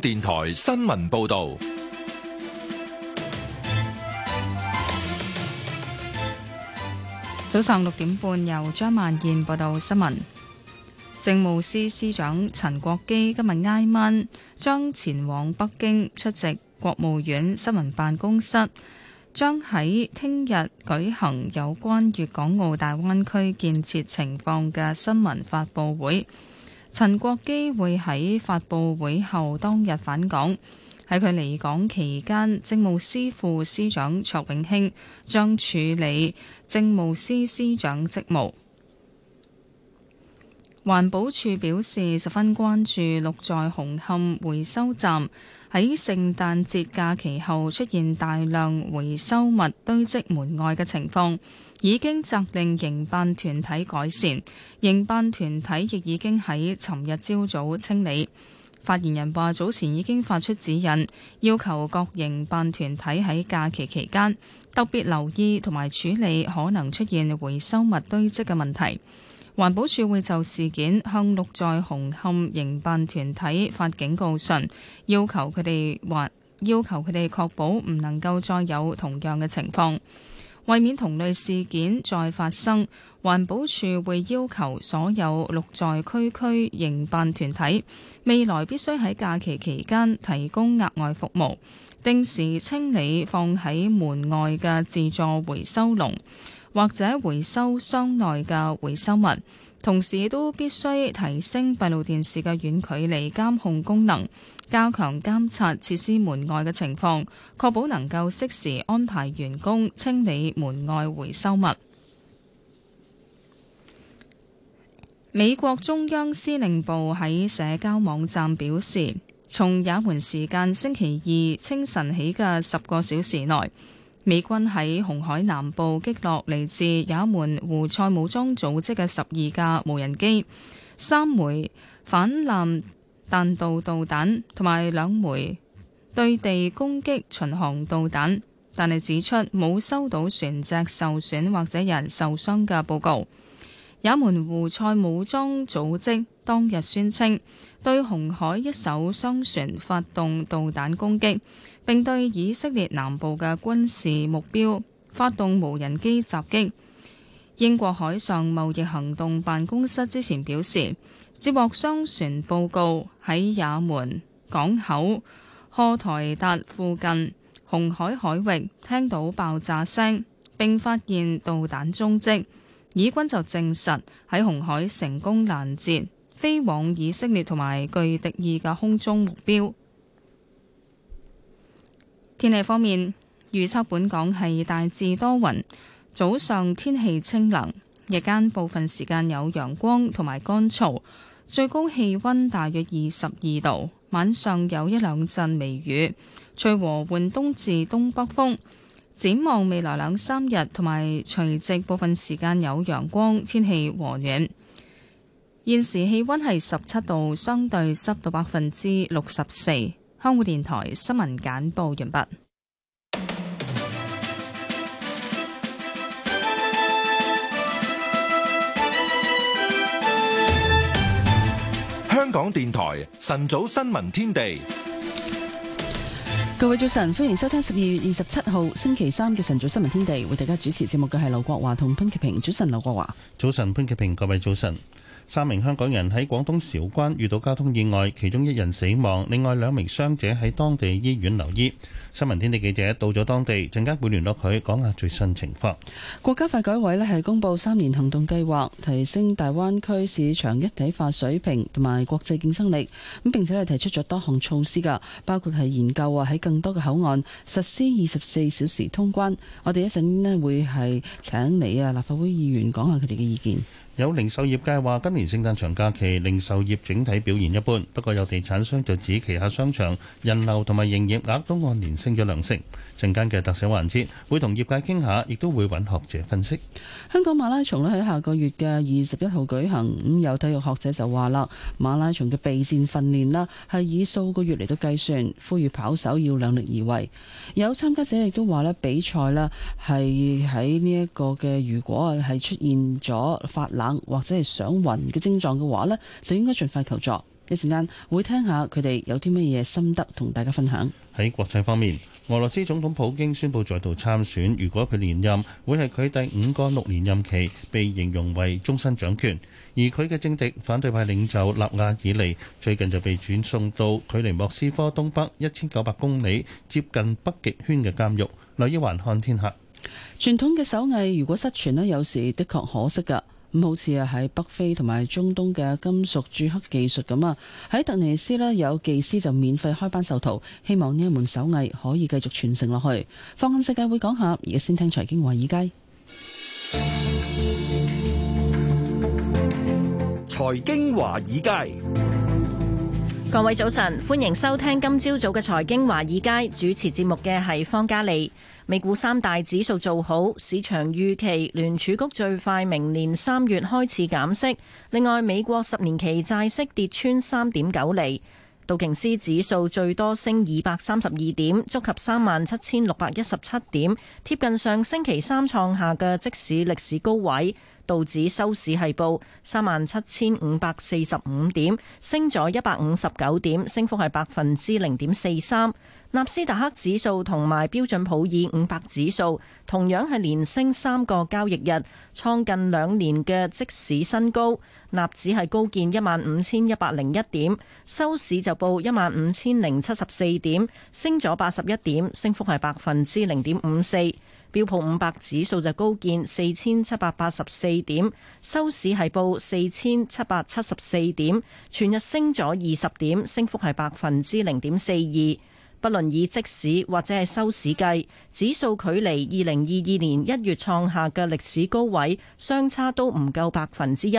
電台新聞報道，早上六點半由張萬燕報道新聞。政務司司長陳國基今日挨晚將前往北京出席國務院新聞辦公室，將喺聽日舉行有關粵港澳大灣區建設情況嘅新聞發布會。陳國基會喺發佈會後當日返港。喺佢離港期間，政務司副司長卓永興將處理政務司司長職務。環保署表示十分關注綠在紅磡回收站喺聖誕節假期後出現大量回收物堆積門外嘅情況。已經責令營辦團體改善，營辦團體亦已經喺尋日朝早清理。發言人話：早前已經發出指引，要求各營辦團體喺假期期間特別留意同埋處理可能出現回收物堆積嘅問題。環保署會就事件向綠在紅磡營辦團體發警告信，要求佢哋話要求佢哋確保唔能夠再有同樣嘅情況。為免同類事件再發生，環保署會要求所有綠在區區營辦團體未來必須喺假期期間提供額外服務，定時清理放喺門外嘅自助回收籠，或者回收箱內嘅回收物，同時都必須提升閉路電視嘅遠距離監控功能。加強監察設施門外嘅情況，確保能夠適時安排員工清理門外回收物。美國中央司令部喺社交網站表示，從也門時間星期二清晨起嘅十個小時內，美軍喺紅海南部擊落嚟自也門胡塞武裝組織嘅十二架無人機，三枚反艦彈道導彈同埋兩枚對地攻擊巡航導彈，但係指出冇收到船隻受損或者人受傷嘅報告。也門胡塞武裝組織當日宣稱對紅海一艘商船發動導彈攻擊，並對以色列南部嘅軍事目標發動無人機襲擊。英國海上貿易行動辦公室之前表示，接獲商船報告，喺也門港口荷台達附近紅海海域聽到爆炸聲，並發現導彈蹤跡，以軍就證實喺紅海成功攔截飛往以色列同埋具敵意嘅空中目標。天氣方面，預測本港係大致多雲，早上天氣清涼，日間部分時間有陽光同埋乾燥。最高氣溫大約二十二度，晚上有一兩陣微雨，吹和緩東至東北風。展望未來兩三日同埋除夕部分時間有陽光，天氣和暖。現時氣溫係十七度，相對濕度百分之六十四。香港電台新聞簡報完畢。香港電台晨早新聞天地，各位早晨，歡迎收聽十二月二十七號星期三嘅晨早新聞天地。為大家主持節目嘅係劉國華同潘其平。早晨，劉國華。早晨，潘其平。各位早晨。三名香港人喺廣東韶關遇到交通意外，其中一人死亡，另外兩名傷者喺當地醫院留醫。新聞天地記者到咗當地，陣間會聯絡佢講下最新情況。國家發改委咧係公布三年行動計劃，提升大灣區市場一體化水平同埋國際競爭力，咁並且咧提出咗多項措施噶，包括係研究啊喺更多嘅口岸實施二十四小時通關，我哋一陣咧會係請你啊立法會議員講下佢哋嘅意見。有零售業界話，今年聖誕長假期，零售業整體表現一般。不過，有地產商就指旗下商場人流同埋營業額都按年升咗兩成。陣間嘅特寫環節，會同業界傾下，亦都會搵學者分析。香港馬拉松咧，喺下個月嘅二十一號舉行，有體育學者就話啦，馬拉松嘅備戰訓練啦，係以數個月嚟到計算，呼籲跑手要量力而為。有參加者亦都話咧，比賽咧係喺呢一個嘅，如果係出現咗發冷或者係想暈嘅症狀嘅話呢，就應該儘快求助。一陣間會聽下佢哋有啲乜嘢心得同大家分享。喺國際方面，俄羅斯總統普京宣布再度參選，如果佢連任，會係佢第五個六年任期，被形容為終身掌權。而佢嘅政敵反對派領袖納亞爾尼最近就被轉送到距離莫斯科東北一千九百公里、接近北極圈嘅監獄。留意環看天下，傳統嘅手藝如果失傳咧，有時的確可惜㗎。咁好似啊喺北非同埋中東嘅金屬鑄刻技術咁啊，喺突尼斯呢，有技師就免費開班授徒，希望呢一門手藝可以繼續傳承落去。放眼世界會講下，而家先聽財經華爾街。財經華爾街。各位早晨，歡迎收聽今朝早嘅財經華爾街，主持節目嘅係方嘉利。美股三大指數做好，市場預期聯儲局最快明年三月開始減息。另外，美國十年期債息跌穿三點九厘。道瓊斯指數最多升二百三十二點，觸及三萬七千六百一十七點，貼近上星期三創下嘅即市歷史高位。道指收市係報三萬七千五百四十五點，升咗一百五十九點，升幅係百分之零點四三。納斯達克指數同埋標準普爾五百指數同樣係連升三個交易日，創近兩年嘅即市新高。納指係高見一萬五千一百零一點，收市就報一萬五千零七十四點，升咗八十一點，升幅係百分之零點五四。標普五百指數就高見四千七百八十四點，收市係報四千七百七十四點，全日升咗二十點，升幅係百分之零點四二。不論以即市或者係收市計，指數距離二零二二年一月創下嘅歷史高位，相差都唔夠百分之一。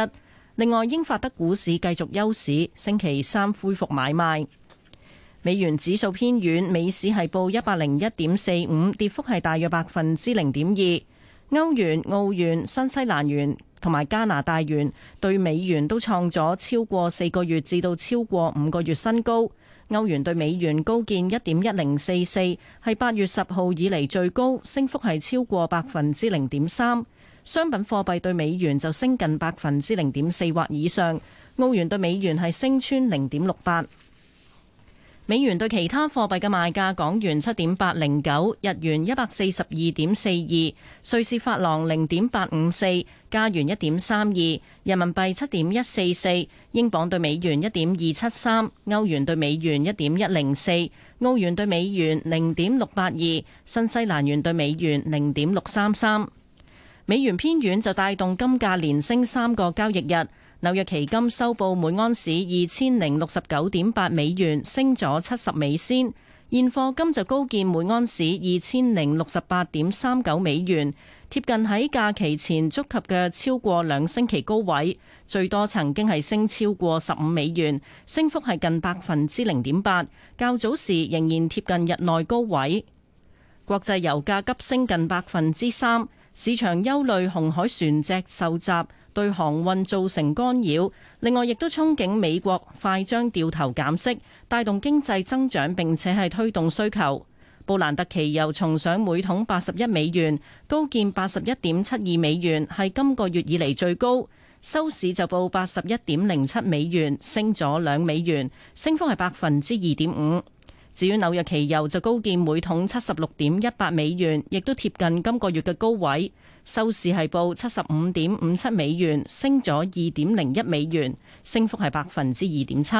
另外，英法德股市繼續休市，星期三恢復買賣。美元指數偏軟，美市係報一百零一點四五，跌幅係大約百分之零點二。歐元、澳元、新西蘭元同埋加拿大元對美元都創咗超過四個月至到超過五個月新高。歐元對美元高見一點一零四四，係八月十號以嚟最高，升幅係超過百分之零點三。商品貨幣對美元就升近百分之零點四或以上。澳元對美元係升穿零點六八。美元對其他貨幣嘅賣價：港元七點八零九，日元一百四十二點四二，瑞士法郎零點八五四，加元一點三二，人民幣七點一四四，英鎊對美元一點二七三，歐元對美元一點一零四，澳元對美元零點六八二，新西蘭元對美元零點六三三。美元偏軟就帶動金價連升三個交易日。紐約期金收報每安士二千零六十九點八美元，升咗七十美仙。現貨金就高見每安士二千零六十八點三九美元，貼近喺假期前觸及嘅超過兩星期高位，最多曾經係升超過十五美元，升幅係近百分之零點八。較早時仍然貼近日內高位。國際油價急升近百分之三，市場憂慮紅海船隻受襲。對航運造成干擾，另外亦都憧憬美國快將掉頭減息，帶動經濟增長，並且係推動需求。布蘭特期油重上每桶八十一美元，高見八十一點七二美元，係今個月以嚟最高。收市就報八十一點零七美元，升咗兩美元，升幅係百分之二點五。至於紐約期油就高見每桶七十六點一八美元，亦都貼近今個月嘅高位。收市係報七十五點五七美元，升咗二點零一美元，升幅係百分之二點七。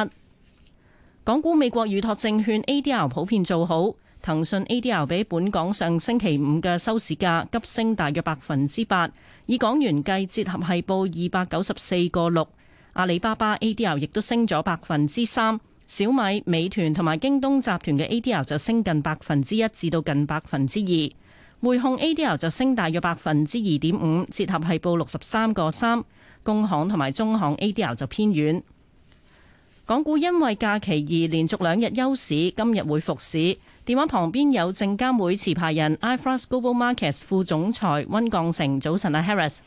港股美國預托證券 ADR 普遍做好，騰訊 ADR 比本港上星期五嘅收市價急升大約百分之八，以港元計，折合係報二百九十四個六。阿里巴巴 ADR 亦都升咗百分之三，小米、美團同埋京東集團嘅 ADR 就升近百分之一至到近百分之二。匯控 ADR 就升大約百分之二點五，折合係報六十三個三。工行同埋中行 ADR 就偏遠。港股因為假期而連續兩日休市，今日會復市。電話旁邊有證監會持牌人 iShares Global Markets 副總裁温鋼成，早晨，阿 Harris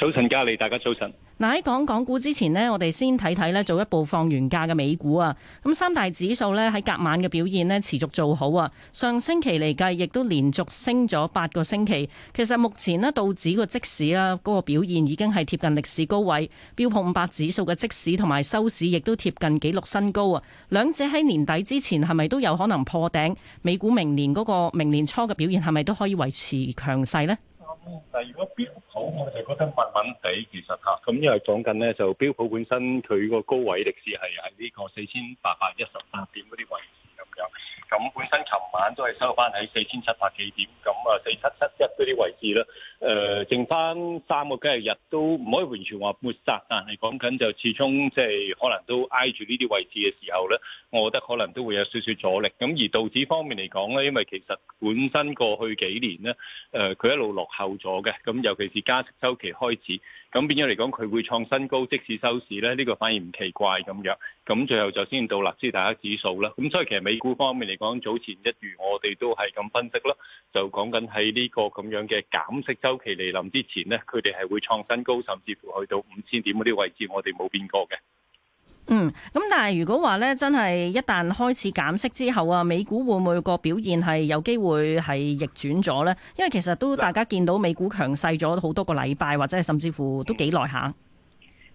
早晨，嘉利，大家早晨。嗱，喺講港股之前呢，我哋先睇睇呢，早一步放完假嘅美股啊。咁三大指數呢，喺隔晚嘅表現呢，持續做好啊。上星期嚟計，亦都連續升咗八個星期。其實目前呢，道指個即市啦、啊，嗰、那個表現已經係貼近歷史高位。標普五百指數嘅即市同埋收市亦都貼近紀錄新高啊。兩者喺年底之前係咪都有可能破頂？美股明年嗰、那個明年初嘅表現係咪都可以維持強勢呢？但如果標普，我就覺得穩穩地，其實吓咁、嗯、因為講緊咧，就標普本身佢個高位歷史係喺呢個四千八百一十八點嗰啲位。咁本身琴晚都係收翻喺四千七百幾點，咁啊四七七一嗰啲位置啦。誒、呃，剩翻三個交易日都唔可以完全話抹殺，但係講緊就始終即係可能都挨住呢啲位置嘅時候咧，我覺得可能都會有少少阻力。咁而道指方面嚟講咧，因為其實本身過去幾年咧，誒、呃、佢一路落後咗嘅，咁尤其是加息周期開始。咁變咗嚟講，佢會創新高，即使收市咧，呢個反而唔奇怪咁樣。咁最後就先到納斯達克指數啦。咁所以其實美股方面嚟講，早前一如我哋都係咁分析啦，就講緊喺呢個咁樣嘅減息周期嚟臨之前呢，佢哋係會創新高，甚至乎去到五千點嗰啲位置，我哋冇變過嘅。嗯，咁但係如果話呢，真係一旦開始減息之後啊，美股會唔會個表現係有機會係逆轉咗呢？因為其實都大家見到美股強勢咗好多個禮拜，或者係甚至乎都幾耐下。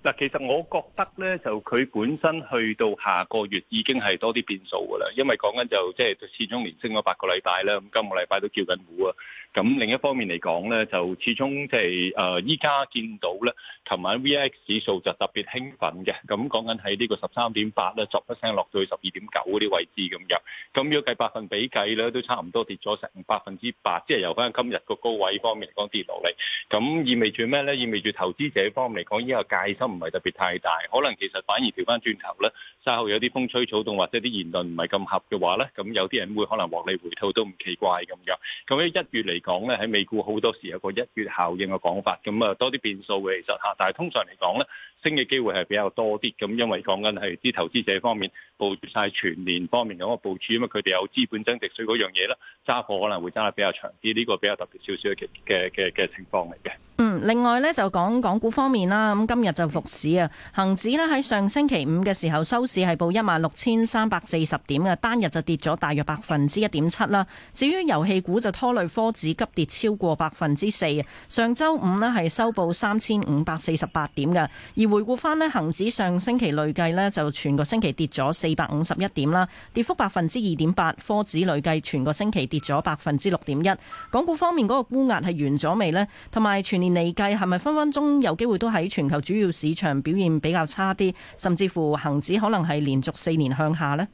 嗱，其實我覺得咧，就佢本身去到下個月已經係多啲變數㗎啦。因為講緊就即係始終連升咗八個禮拜啦，咁今個禮拜都叫緊股啊。咁另一方面嚟講咧，就始終即係誒依家見到咧，琴晚 VIX 指數就特別興奮嘅。咁講緊喺呢個十三點八咧，作一聲落到去十二點九嗰啲位置咁樣。咁如果計百分比計咧，都差唔多跌咗成百分之八，即係由翻今日個高位方面嚟講跌落嚟。咁意味住咩咧？意味住投資者方面嚟講，依個戒心，唔係特別太大，可能其實反而調翻轉頭呢，稍後有啲風吹草動或者啲言論唔係咁合嘅話呢，咁有啲人會可能獲利回吐都唔奇怪咁樣。咁喺一月嚟講呢，喺美股好多時有個一月效應嘅講法，咁啊多啲變數嘅其實嚇。但係通常嚟講呢，升嘅機會係比較多啲，咁因為講緊係啲投資者方面。佈全年方面咁嘅部署，因為佢哋有資本增值稅嗰樣嘢啦，揸貨可能會揸得比較長啲，呢個比較特別少少嘅嘅嘅嘅情況嚟嘅。嗯，另外呢，就講港股方面啦，咁、嗯、今日就復市啊，恒指呢喺上星期五嘅時候收市係報一萬六千三百四十點嘅，單日就跌咗大約百分之一點七啦。至於遊戲股就拖累科指急跌超過百分之四，上週五呢係收報三千五百四十八點嘅，而回顧翻呢，恒指上星期累計呢，就全個星期跌咗四。二百五十一點啦，跌幅百分之二點八，科指累計全個星期跌咗百分之六點一。港股方面嗰個沽壓係完咗未呢？同埋全年嚟計係咪分分鐘有機會都喺全球主要市場表現比較差啲，甚至乎恒指可能係連續四年向下呢？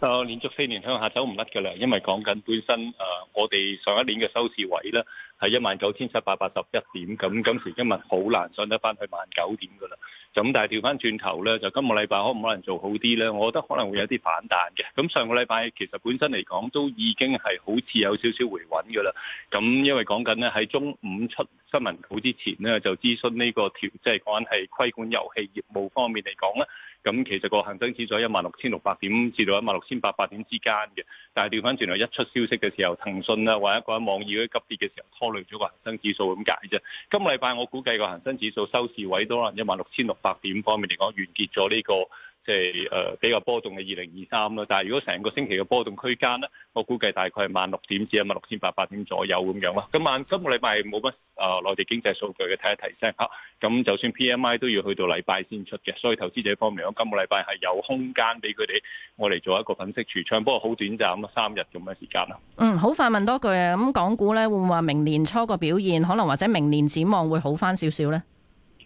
誒、啊，連續四年向下走唔甩噶啦，因為講緊本身誒、呃，我哋上一年嘅收市位咧係一萬九千七百八十一點，咁、嗯、今時今日好難上得翻去萬九點噶啦。咁但係調翻轉頭咧，就今個禮拜可唔可能做好啲咧？我覺得可能會有啲反彈嘅。咁上個禮拜其實本身嚟講都已經係好似有少少回穩嘅啦。咁因為講緊咧喺中午出新聞稿之前咧，就諮詢呢個條，即係講緊係規管遊戲業務方面嚟講咧。咁其實個恒生指數喺一萬六千六百點至到一萬六千八百點之間嘅。但係調翻轉頭一出消息嘅時候，騰訊啊或者一喺網易嗰啲急跌嘅時候，拖累咗個恒生指數咁解啫。今個禮拜我估計個恒生指數收市位都可能一萬六千六百點方面嚟講，完結咗呢、呢個即係誒比較波動嘅二零二三啦。但係如果成個星期嘅波動區間咧，我估計大概係萬六點至啊，萬六千八百點左右咁樣咯。咁萬今個禮拜冇乜誒內地經濟數據嘅睇一提升，嚇、啊。咁就算 P M I 都要去到禮拜先出嘅，所以投資者方面，我今個禮拜係有空間俾佢哋我嚟做一個粉飾櫥窗。不過好短暫咯，三日咁嘅時間啦。嗯，好快問多句啊！咁港股咧會唔會話明年初個表現，可能或者明年展望會好翻少少咧？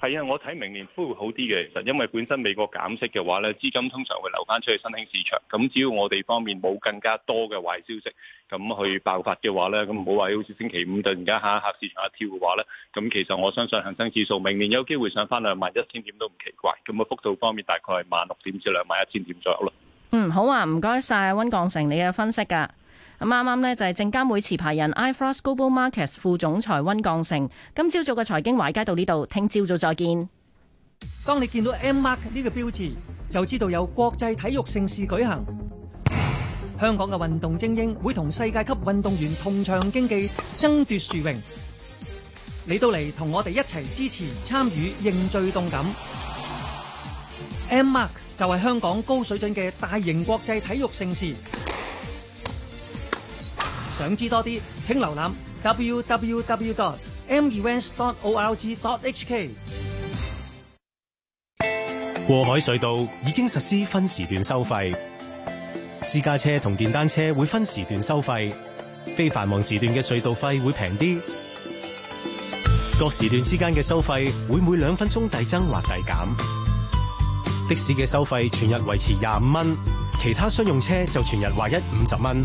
係啊，我睇明年都會好啲嘅，其實因為本身美國減息嘅話咧，資金通常會流翻出去新興市場。咁只要我哋方面冇更加多嘅壞消息咁去爆發嘅話咧，咁唔好話好似星期五突然間嚇一嚇市場一跳嘅話咧，咁其實我相信恒生指數明年有機會上翻兩萬一千點都唔奇怪。咁嘅幅度方面大概係萬六點至兩萬一千點左右咯。嗯，好啊，唔該晒温鋼成你嘅分析㗎、啊。啱啱呢就係證監會持牌人 i Frost Global Markets 副總裁溫降成，今朝早嘅財經華爾街到呢度，聽朝早再見。當你見到 M Mark 呢個標誌，就知道有國際體育盛事舉行。香港嘅運動精英會同世界級運動員同場競技，爭奪殊榮。你到嚟同我哋一齊支持、參與、凝聚動感。M Mark 就係香港高水準嘅大型國際體育盛事。想知多啲，請瀏覽 www.mevents.org.hk。過海隧道已經實施分時段收費，私家車同電單車會分時段收費，非繁忙時段嘅隧道費會平啲。各時段之間嘅收費會每兩分鐘遞增或遞減。的士嘅收費全日維持廿五蚊，其他商用車就全日劃一五十蚊。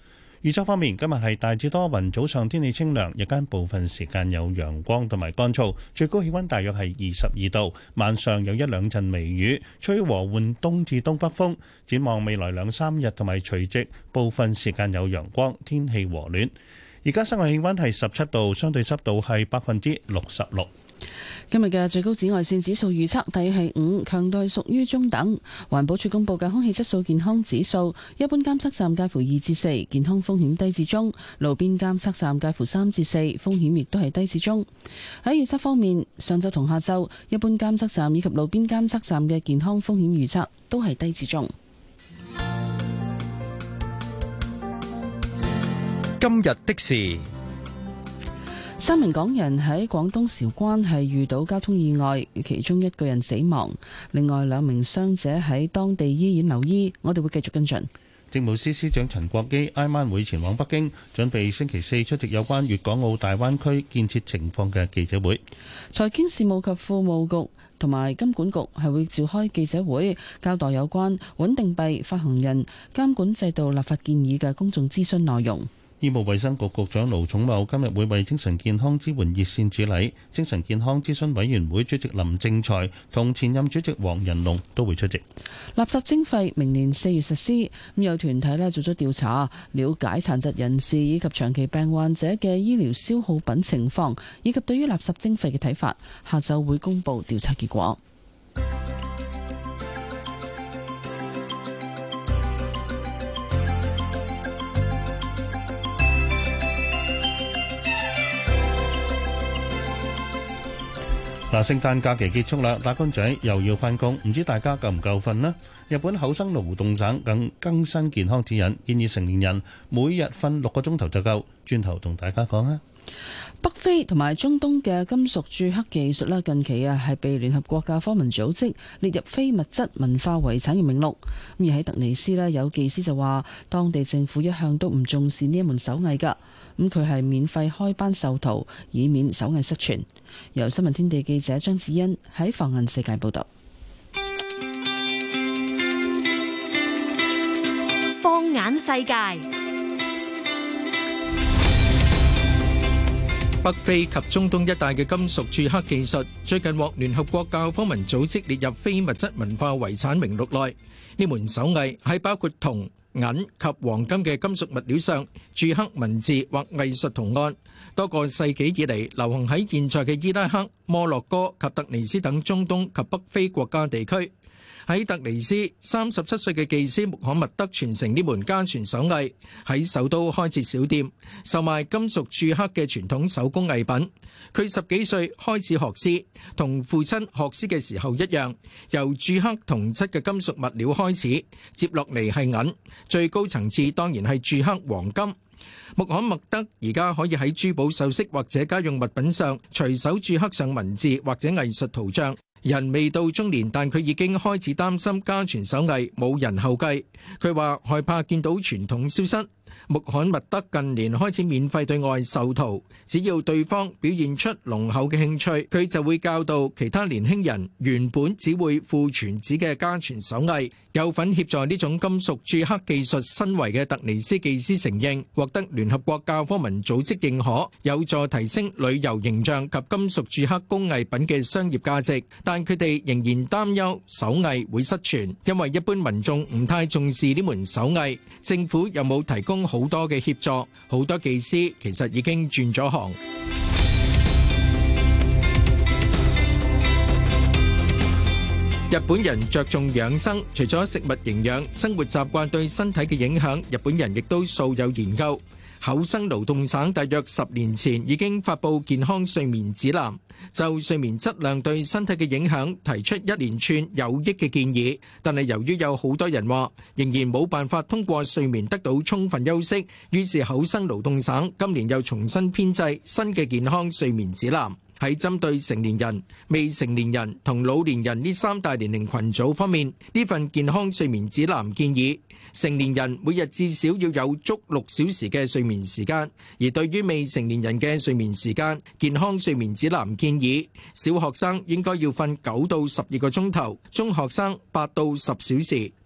預測方面，今日係大致多雲，早上天氣清涼，日間部分時間有陽光同埋乾燥，最高氣溫大約係二十二度。晚上有一兩陣微雨，吹和緩東至東北風。展望未來兩三日同埋除夕，部分時間有陽光，天氣和暖。而家室外氣溫係十七度，相對濕度係百分之六十六。今日嘅最高紫外線指數預測大約係五，強度係屬於中等。環保署公布嘅空氣質素健康指數，一般監測站介乎二至四，健康風險低至中；路邊監測站介乎三至四，風險亦都係低至中。喺預測方面，上晝同下晝一般監測站以及路邊監測站嘅健康風險預測都係低至中。今日的事。三名港人喺廣東韶關，係遇到交通意外，其中一個人死亡，另外兩名傷者喺當地醫院留醫。我哋會繼續跟進。政務司司長陳國基挨晚會前往北京，準備星期四出席有關粵港澳大灣區建設情況嘅記者會。財經事務及庫務局同埋金管局係會召開記者會，交代有關穩定幣發行人監管制度立法建議嘅公眾諮詢內容。醫務衛生局局長盧寵茂今日會為精神健康支援熱線主禮。精神健康諮詢委員會主席林正財同前任主席黃仁龍都會出席。垃圾徵費明年四月實施，咁有團體咧做咗調查，了解殘疾人士以及長期病患者嘅醫療消耗品情況，以及對於垃圾徵費嘅睇法。下晝會公布調查結果。嗱，聖誕假期結束啦，打工仔又要返工，唔知大家夠唔夠瞓咧？日本厚生勞動省更更新健康指引，建議成年人每日瞓六個鐘頭就夠。轉頭同大家講啊！北非同埋中東嘅金屬鑄刻技術啦，近期啊係被聯合國教科文組織列入非物質文化遺產嘅名錄。而喺突尼斯咧，有技師就話，當地政府一向都唔重視呢一門手藝噶。咁佢係免費開班授徒，以免手藝失傳。由新聞天地記者張子欣喺放眼世界報道。放眼世界。北非及中東一帶嘅金屬鑄刻技術，最近獲聯合國教科文組織列入非物質文化遺產名錄內。呢門手藝喺包括銅、銀及黃金嘅金屬物料上鑄刻文字或藝術圖案，多個世紀以嚟流行喺現在嘅伊拉克、摩洛哥及突尼斯等中東及北非國家地區。喺特尼斯，三十七歲嘅技師穆罕默德傳承呢門家傳手藝，喺首都開設小店，售賣金屬鑄刻嘅傳統手工藝品。佢十幾歲開始學師，同父親學師嘅時候一樣，由鑄刻銅質嘅金屬物料開始，接落嚟係銀，最高層次當然係鑄刻黃金。穆罕默德而家可以喺珠寶、首飾或者家用物品上，隨手鑄刻上文字或者藝術圖像。人未到中年，但佢已經開始擔心家傳手藝冇人後繼，佢話害怕見到傳統消失。穆罕默德近年開始免費對外授徒，只要對方表現出濃厚嘅興趣，佢就會教導其他年輕人原本只會父傳子嘅家傳手藝。有份協助呢種金屬鑄刻技術身為嘅特尼斯技師承認，獲得聯合國教科文組織認可，有助提升旅遊形象及金屬鑄刻工藝品嘅商業價值。但佢哋仍然擔憂手藝會失傳，因為一般民眾唔太重視呢門手藝，政府又冇提供好多嘅協助，好多技師其實已經轉咗行。。日本人着重養生，除咗食物營養、生活習慣對身體嘅影響，日本人亦都素有研究。厚生勞動省大約十年前已經發佈健康睡眠指南，就睡眠質量對身體嘅影響提出一連串有益嘅建議。但係由於有好多人話仍然冇辦法通過睡眠得到充分休息，於是厚生勞動省今年又重新編製新嘅健康睡眠指南。喺針對成年人、未成年人同老年人呢三大年齡群組方面，呢份健康睡眠指南建議成年人每日至少要有足六小時嘅睡眠時間；而對於未成年人嘅睡眠時間，健康睡眠指南建議小學生應該要瞓九到十二個鐘頭，中學生八到十小時。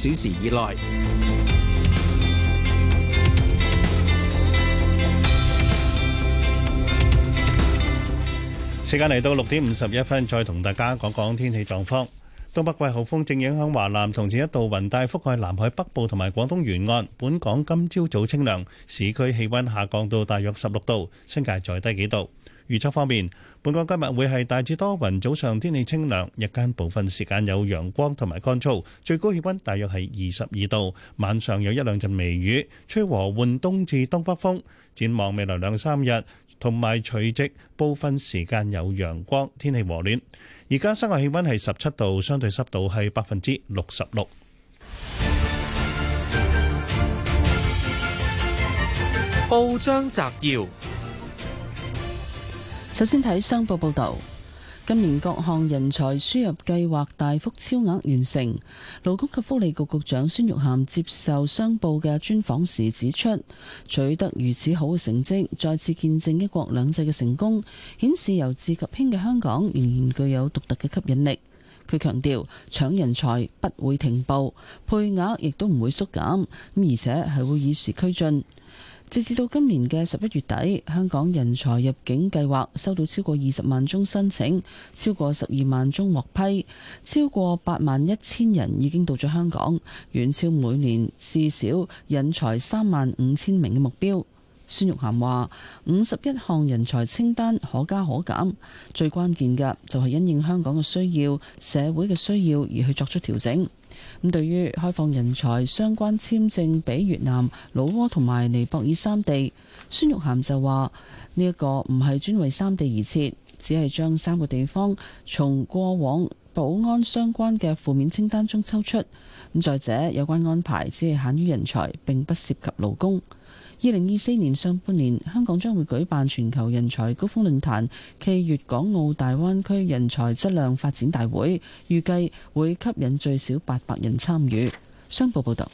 小時以內，時間嚟到六點五十一分，再同大家講講天氣狀況。東北季候風正影響華南，同時一道雲帶覆蓋南海北部同埋廣東沿岸。本港今朝早清涼，市區氣温下降到大約十六度，新界再低幾度。預測方面，本港今日會係大致多雲，早上天氣清涼，日間部分時間有陽光同埋乾燥，最高氣溫大約係二十二度。晚上有一兩陣微雨，吹和緩東至東北風。展望未來兩三日同埋除夕，部分時間有陽光，天氣和暖。而家室外氣溫係十七度，相對濕度係百分之六十六。報章摘要。首先睇商報報道，今年各項人才輸入計劃大幅超額完成。勞工及福利局局長孫玉菡接受商報嘅專訪時指出，取得如此好嘅成績，再次見證一國兩制嘅成功，顯示由治及興嘅香港仍然具有獨特嘅吸引力。佢強調，搶人才不會停步，配額亦都唔會縮減，而且係會與時俱進。截至到今年嘅十一月底，香港人才入境計劃收到超過二十萬宗申請，超過十二萬宗獲批，超過八萬一千人已經到咗香港，遠超每年至少引才三萬五千名嘅目標。孫玉菡話，五十一項人才清單可加可減，最關鍵嘅就係因應香港嘅需要，社會嘅需要而去作出調整。咁對於開放人才相關簽證俾越南、老撾同埋尼泊爾三地，孫玉菡就話：呢一個唔係專為三地而設，只係將三個地方從過往保安相關嘅負面清單中抽出。咁再者，有關安排只係限於人才，並不涉及勞工。二零二四年上半年，香港將會舉辦全球人才高峰論壇暨粵港澳大灣區人才質量發展大會，預計會吸引最少八百人參與。商報報道。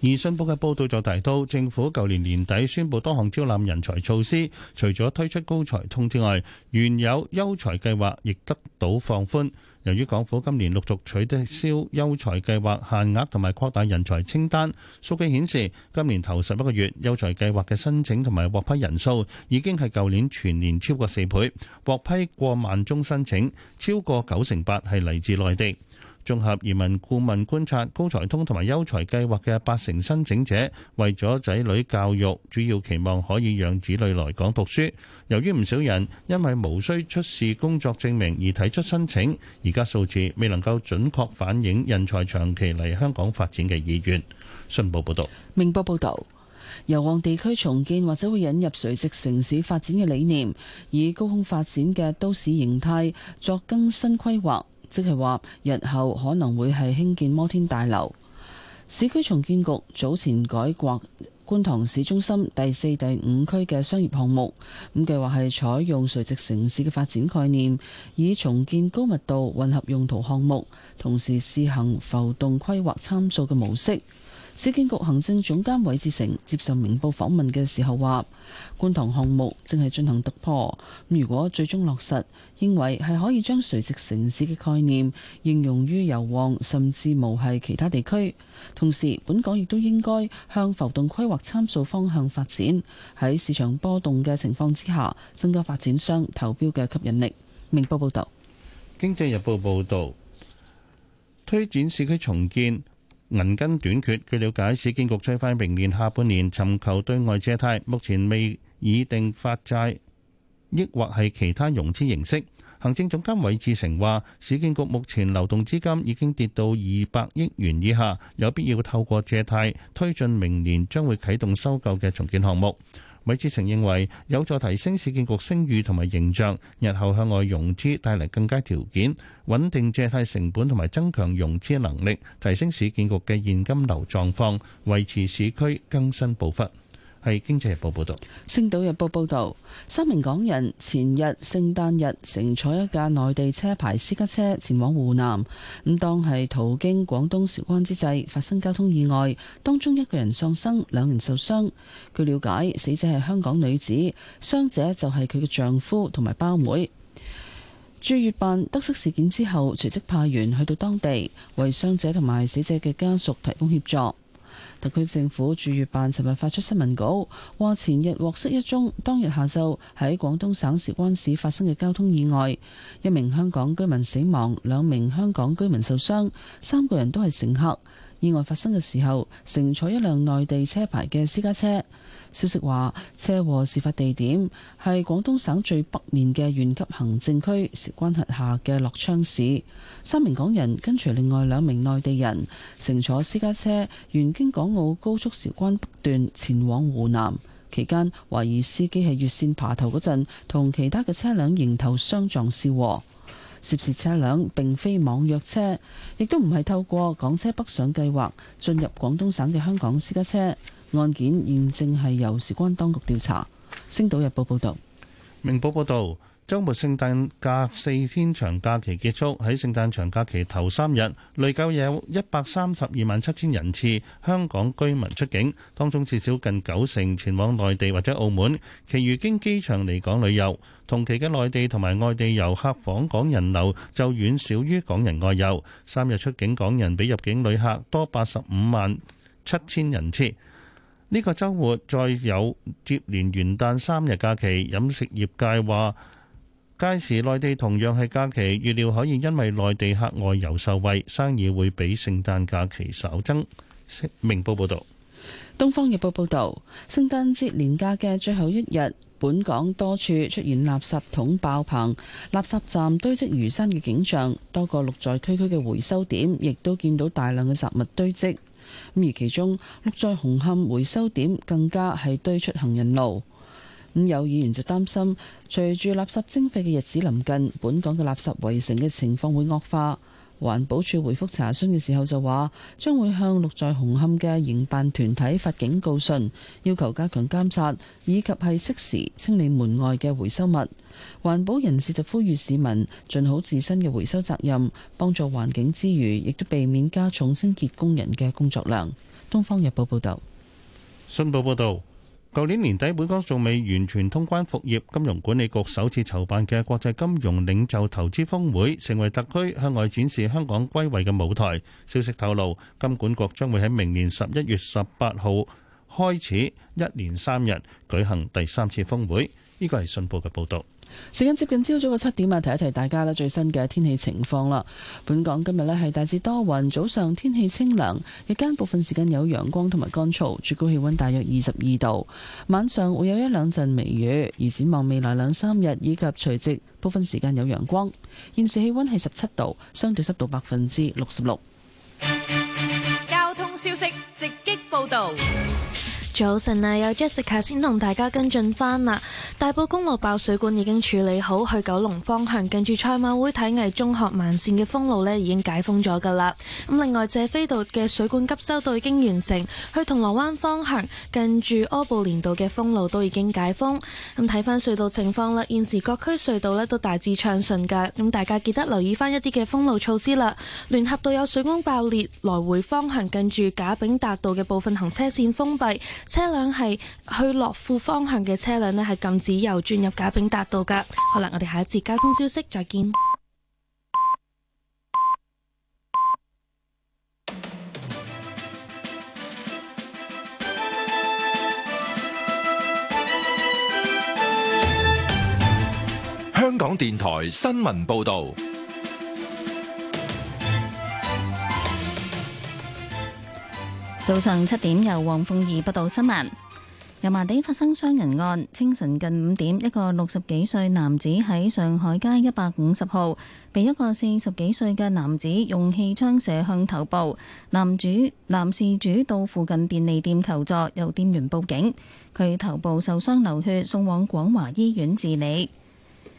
而信報嘅報道就提到，政府舊年年底宣布多項招攬人才措施，除咗推出高才通之外，原有優才計劃亦得到放寬。由於港府今年陸續取消優才計劃限額同埋擴大人才清單，數據顯示今年頭十一個月優才計劃嘅申請同埋獲批人數已經係舊年全年超過四倍，獲批過萬宗申請，超過九成八係嚟自內地。綜合移民顧問觀察，高才通同埋優才計劃嘅八成申請者為咗仔女教育，主要期望可以讓子女來港讀書。由於唔少人因為無需出示工作證明而提出申請，而家數字未能夠準確反映人才長期嚟香港發展嘅意願。信報報道。明報報道，油旺地區重建或者會引入垂直城市發展嘅理念，以高空發展嘅都市形態作更新規劃。即係話，日後可能會係興建摩天大樓。市區重建局早前改劃觀塘市中心第四、第五區嘅商業項目，咁計劃係採用垂直城市嘅發展概念，以重建高密度混合用途項目，同時試行浮動規劃參數嘅模式。市建局行政總監韋志成接受明報訪問嘅時候話，觀塘項目正係進行突破，如果最終落實，認為係可以將垂直城市嘅概念應用於油旺甚至無係其他地區。同時，本港亦都應該向浮動規劃參數方向發展。喺市場波動嘅情況之下，增加發展商投標嘅吸引力。明報報道，經濟日報報道，推展市區重建。銀根短缺，據了解，市建局最快明年下半年尋求對外借貸，目前未擬定發債，抑或係其他融資形式。行政總監韋志成話，市建局目前流動資金已經跌到二百億元以下，有必要透過借貸推進明年將會啟動收購嘅重建項目。韋志成認為有助提升市建局聲譽同埋形象，日後向外融資帶嚟更佳條件，穩定借貸成本同埋增強融資能力，提升市建局嘅現金流狀況，維持市區更新步伐。係《經濟日報》報道，《星島日報》報道，三名港人前日聖誕日乘坐一架內地車牌私家車前往湖南，咁當係途經廣東韶關之際發生交通意外，當中一個人喪生，兩人受傷。據了解，死者係香港女子，傷者就係佢嘅丈夫同埋胞妹。駐粵辦得悉事件之後，隨即派員去到當地為傷者同埋死者嘅家屬提供協助。特區政府駐粵辦尋日發出新聞稿，話前日獲悉一宗當日下晝喺廣東省韶關市發生嘅交通意外，一名香港居民死亡，兩名香港居民受傷，三個人都係乘客。意外發生嘅時候，乘坐一輛內地車牌嘅私家車。消息話，車禍事發地點係廣東省最北面嘅縣級行政區韶關轄下嘅樂昌市。三名港人跟隨另外兩名內地人，乘坐私家車沿京港澳高速韶關北段前往湖南。期間懷疑司機喺越線爬頭嗰陣，同其他嘅車輛迎頭相撞和肇禍。涉事車輛並非網約車，亦都唔係透過港車北上計劃進入廣東省嘅香港私家車。案件現正係由時關當局調查。星島日報報道。明報報道，周末聖誕假四天長假期結束，喺聖誕長假期頭三日累計有一百三十二萬七千人次香港居民出境，當中至少近九成前往內地或者澳門，其餘經機場離港旅遊。同期嘅內地同埋外地遊客訪港人流就遠少於港人外遊，三日出境港人比入境旅客多八十五萬七千人次。呢個週末再有接連元旦三日假期，飲食業界話屆時內地同樣係假期，預料可以因為內地客外遊受惠，生意會比聖誕假期稍增。明報報導，東方日報報導，聖誕節年假嘅最後一日，本港多處出現垃圾桶爆棚、垃圾站堆積如山嘅景象，多個陸在區區嘅回收點亦都見到大量嘅雜物堆積。咁而其中，六載紅磡回收點更加係堆出行人路。咁有議員就擔心，隨住垃圾徵費嘅日子臨近，本港嘅垃圾圍城嘅情況會惡化。環保署回覆查詢嘅時候就話，將會向落在紅磡嘅營辦團體發警告信，要求加強監察以及係適時清理門外嘅回收物。環保人士就呼籲市民盡好自身嘅回收責任，幫助環境之餘，亦都避免加重清潔工人嘅工作量。東方日報報道。新報報道。舊年年底，本港仲未完全通關復業，金融管理局首次籌辦嘅國際金融領袖投資峰會，成為特區向外展示香港歸位嘅舞台。消息透露，金管局將會喺明年十一月十八號開始，一連三日舉行第三次峰會。呢個係信報嘅報道。時間接近朝早嘅七點啊，提一提大家啦，最新嘅天氣情況啦。本港今日咧係大致多雲，早上天氣清涼，日間部分時間有陽光同埋乾燥，最高氣溫大約二十二度。晚上會有一兩陣微雨，而展望未來兩三日以及除夕，部分時間有陽光。現時氣溫係十七度，相對濕度百分之六十六。交通消息直擊報道。早晨啊，有 Jessica 先同大家跟進翻啦。大埔公路爆水管已經處理好，去九龍方向近住賽馬會體藝中學慢線嘅封路呢已經解封咗㗎啦。咁另外，謝斐道嘅水管急修都已經完成，去銅鑼灣方向近住柯布連道嘅封路都已經解封。咁睇翻隧道情況啦，現時各區隧道呢都大致暢順㗎。咁大家記得留意翻一啲嘅封路措施啦。聯合道有水管爆裂，來回方向近住賈炳達道嘅部分行車線封閉。車輛係去樂富方向嘅車輛呢係禁止右轉入賈炳達道㗎。好啦，我哋下一節交通消息再見。香港電台新聞報道。早上七點由黃鳳儀報道新聞，油麻地發生傷人案。清晨近五點，一個六十幾歲男子喺上海街一百五十號被一個四十幾歲嘅男子用氣槍射向頭部。男主，男事主到附近便利店求助，有店員報警。佢頭部受傷流血，送往廣華醫院治理。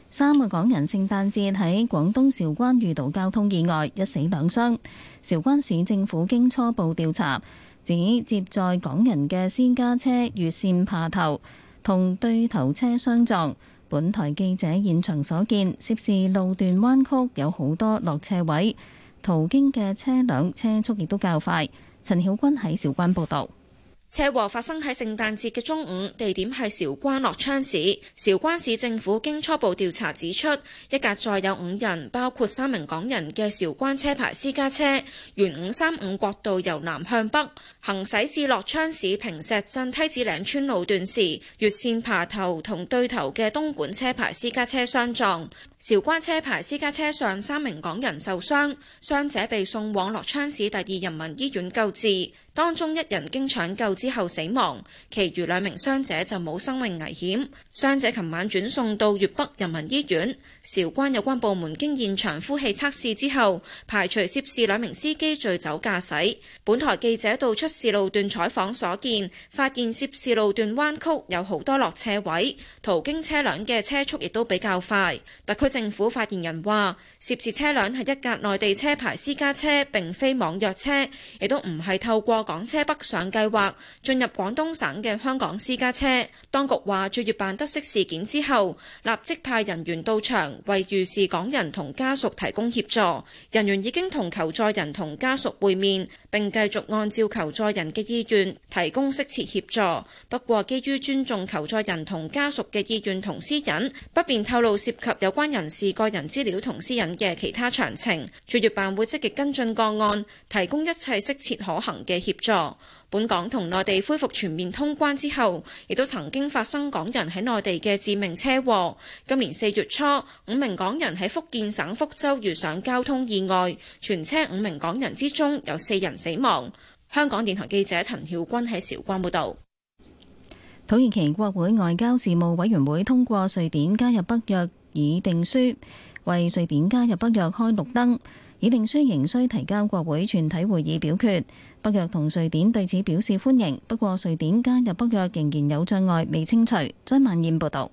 三個港人聖誕節喺廣東韶關遇到交通意外，一死兩傷。韶關市政府經初步調查。指接載港人嘅私家車越線爬頭，同對頭車相撞。本台記者現場所見，涉事路段彎曲，有好多落車位，途經嘅車輛車速亦都較快。陳曉君喺韶關報導。車禍發生喺聖誕節嘅中午，地點係韶關樂昌市。韶關市政府經初步調查指出，一架載有五人，包括三名港人嘅韶關車牌私家車，沿五三五國道由南向北行駛至樂昌市坪石鎮梯子嶺村路段時，越線爬頭同對頭嘅東莞車牌私家車相撞。韶關車牌私家車上三名港人受傷，傷者被送往樂昌市第二人民醫院救治，當中一人經搶救之後死亡，其餘兩名傷者就冇生命危險。傷者琴晚轉送到粵北人民醫院。韶關有關部門經現場呼氣測試之後，排除涉事兩名司機醉酒駕駛。本台記者到出事路段採訪所見，發現涉事路段彎曲，有好多落車位，途經車輛嘅車速亦都比較快。特區政府發言人話：涉事車輛係一架內地車牌私家車，並非網約車，亦都唔係透過港車北上計劃進入廣東省嘅香港私家車。當局話：最月辦失事事件之後立即派人員到場，為遇事港人同家屬提供協助。人員已經同求助人同家屬會面，並繼續按照求助人嘅意願提供適切協助。不過基於尊重求助人同家屬嘅意願同私隱，不便透露涉及有關人士個人資料同私隱嘅其他詳情。駐粵辦會積極跟進個案，提供一切適切可行嘅協助。本港同內地恢復全面通關之後，亦都曾經發生港人喺內地嘅致命車禍。今年四月初，五名港人喺福建省福州遇上交通意外，全車五名港人之中有四人死亡。香港電台記者陳曉君喺韶關報道。土耳其國會外交事務委員會通過瑞典加入北約議定書，為瑞典加入北約開綠燈。議定書仍需提交國會全體會議表決。北約同瑞典對此表示歡迎，不過瑞典加入北約仍然有障礙未清除。張萬燕報道，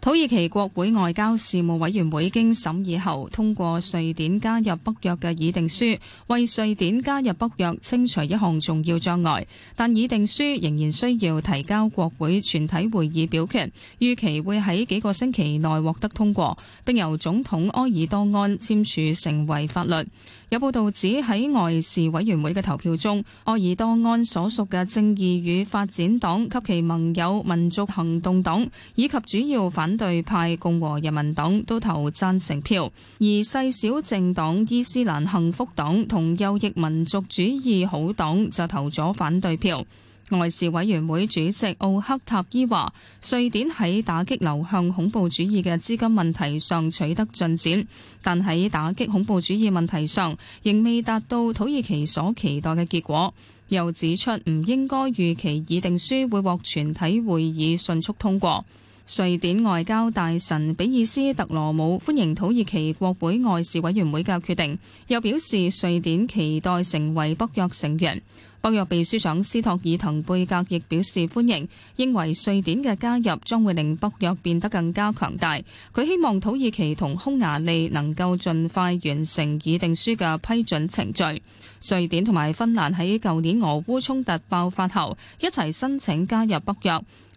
土耳其國會外交事務委員會經審議後通過瑞典加入北約嘅議定書，為瑞典加入北約清除一項重要障礙。但議定書仍然需要提交國會全體會議表決，預期會喺幾個星期內獲得通過，並由總統埃爾多安簽署成為法律。有報道指喺外事委員會嘅投票中，埃爾多安所屬嘅正義與發展黨及其盟友民族行動黨以及主要反對派共和人民黨都投贊成票，而細小政黨伊斯蘭幸福黨同右翼民族主義好黨就投咗反對票。外事委員會主席奧克塔伊話：瑞典喺打擊流向恐怖主義嘅資金問題上取得進展，但喺打擊恐怖主義問題上仍未達到土耳其所期待嘅結果。又指出唔應該預期議定書會獲全體會議迅速通過。瑞典外交大臣比爾斯特羅姆歡迎土耳其國會外事委員會嘅決定，又表示瑞典期待成為北約成員。北約秘書長斯托爾滕貝格亦表示歡迎，認為瑞典嘅加入將會令北約變得更加強大。佢希望土耳其同匈牙利能夠盡快完成議定書嘅批准程序。瑞典同埋芬蘭喺舊年俄烏衝突爆發後，一齊申請加入北約。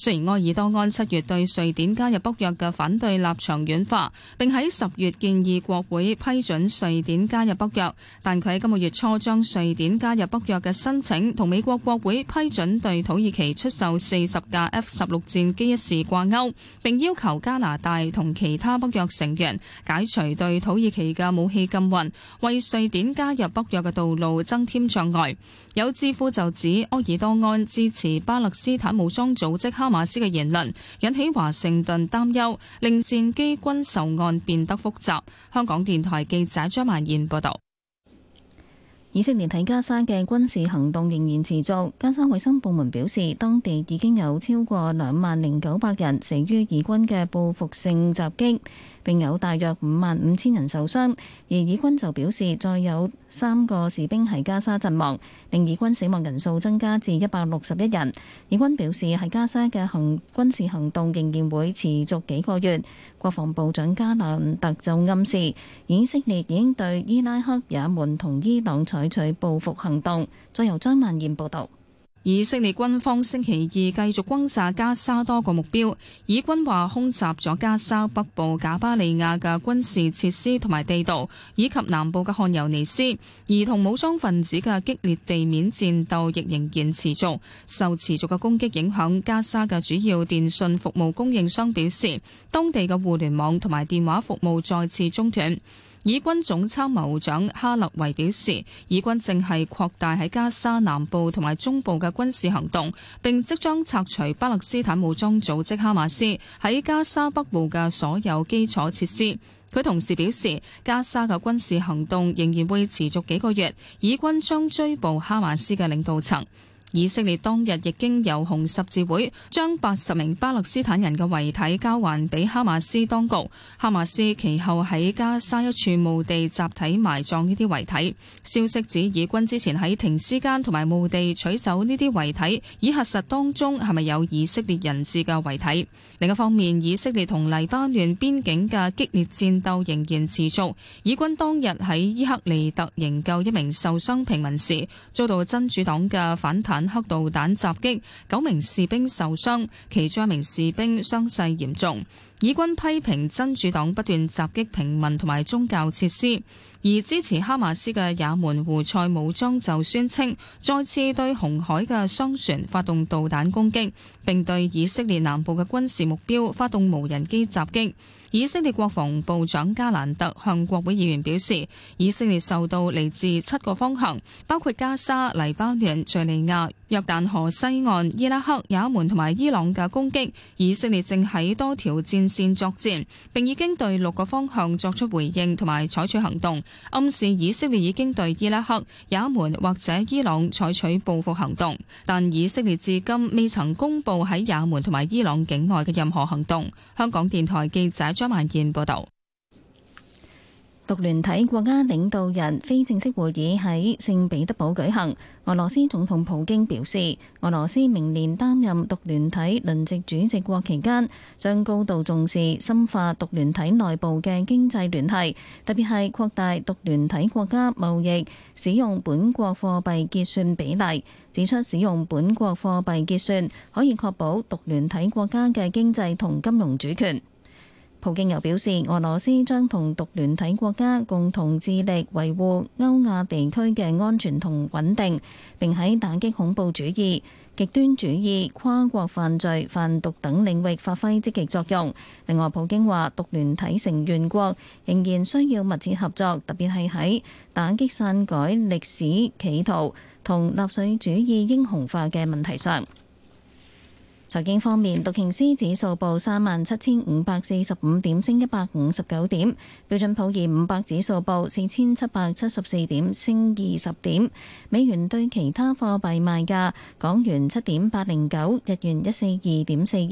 雖然埃爾多安七月對瑞典加入北約嘅反對立場軟化，並喺十月建議國會批准瑞典加入北約，但佢喺今個月初將瑞典加入北約嘅申請同美國國會批准對土耳其出售四十架 F 十六戰機一事掛鈎，並要求加拿大同其他北約成員解除對土耳其嘅武器禁運，為瑞典加入北約嘅道路增添障礙。有智庫就指，埃爾多安支持巴勒斯坦武裝組織馬斯嘅言論引起華盛頓擔憂，令戰機軍售案變得複雜。香港電台記者張曼燕報道。以色列喺加沙嘅軍事行動仍然持續。加沙衛生部門表示，當地已經有超過兩萬零九百人死於以軍嘅報復性襲擊。並有大約五萬五千人受傷，而以軍就表示再有三個士兵喺加沙陣亡，令以軍死亡人數增加至一百六十一人。以軍表示喺加沙嘅行軍事行動仍然會持續幾個月。國防部長加蘭特就暗示以色列已經對伊拉克、也門同伊朗採取報復行動。再由張曼燕報導。以色列軍方星期二繼續轟炸加沙多個目標，以軍話空襲咗加沙北部賈巴利亞嘅軍事設施同埋地道，以及南部嘅漢尤尼斯。而同武裝分子嘅激烈地面戰鬥亦仍然持續。受持續嘅攻擊影響，加沙嘅主要電信服務供應商表示，當地嘅互聯網同埋電話服務再次中斷。以軍總參謀長哈勒維表示，以軍正係擴大喺加沙南部同埋中部嘅軍事行動，並即將拆除巴勒斯坦武裝組織哈馬斯喺加沙北部嘅所有基礎設施。佢同時表示，加沙嘅軍事行動仍然會持續幾個月，以軍將追捕哈馬斯嘅領導層。以色列當日亦經由紅十字會將八十名巴勒斯坦人嘅遺體交還俾哈馬斯當局，哈馬斯其後喺加沙一處墓地集體埋葬呢啲遺體。消息指以軍之前喺停屍間同埋墓地取走呢啲遺體，以核實當中係咪有以色列人質嘅遺體。另一方面，以色列同黎巴嫩邊境嘅激烈戰鬥仍然持續。以軍當日喺伊克尼特營救一名受傷平民時，遭到真主黨嘅反彈。反坦克導彈襲擊，九名士兵受傷，其中一名士兵傷勢嚴重。以軍批評真主黨不斷襲擊平民同埋宗教設施，而支持哈馬斯嘅也門胡塞武裝就宣稱再次對紅海嘅商船發動導彈攻擊，並對以色列南部嘅軍事目標發動無人機襲擊。以色列國防部長加蘭特向國會議員表示，以色列受到嚟自七個方向，包括加沙、黎巴嫩、敘利亞、約旦河西岸、伊拉克、也門同埋伊朗嘅攻擊，以色列正喺多條戰線作戰，並已經對六個方向作出回應同埋採取行動，暗示以色列已經對伊拉克、也門或者伊朗採取報復行動。但以色列至今未曾公布喺也門同埋伊朗境外嘅任何行動。香港電台記者張萬燕報道。獨聯體國家領導人非正式會議喺聖彼得堡舉行。俄羅斯總統普京表示，俄羅斯明年擔任獨聯體輪值主席國期間，將高度重視深化獨聯體內部嘅經濟聯繫，特別係擴大獨聯體國家貿易，使用本國貨幣結算比例，指出使用本國貨幣結算可以確保獨聯體國家嘅經濟同金融主權。普京又表示，俄羅斯將同獨聯體國家共同致力維護歐亞地區嘅安全同穩定，並喺打擊恐怖主義、極端主義、跨國犯罪、販毒等領域發揮積極作用。另外，普京話，獨聯體成員國仍然需要密切合作，特別係喺打擊篡改歷史企圖同納粹主義英雄化嘅問題上。財經方面，道瓊斯指數報三萬七千五百四十五點，升一百五十九點；標準普爾五百指數報四千七百七十四點，升二十點。美元對其他貨幣賣價：港元七點八零九，日元一四二點四二，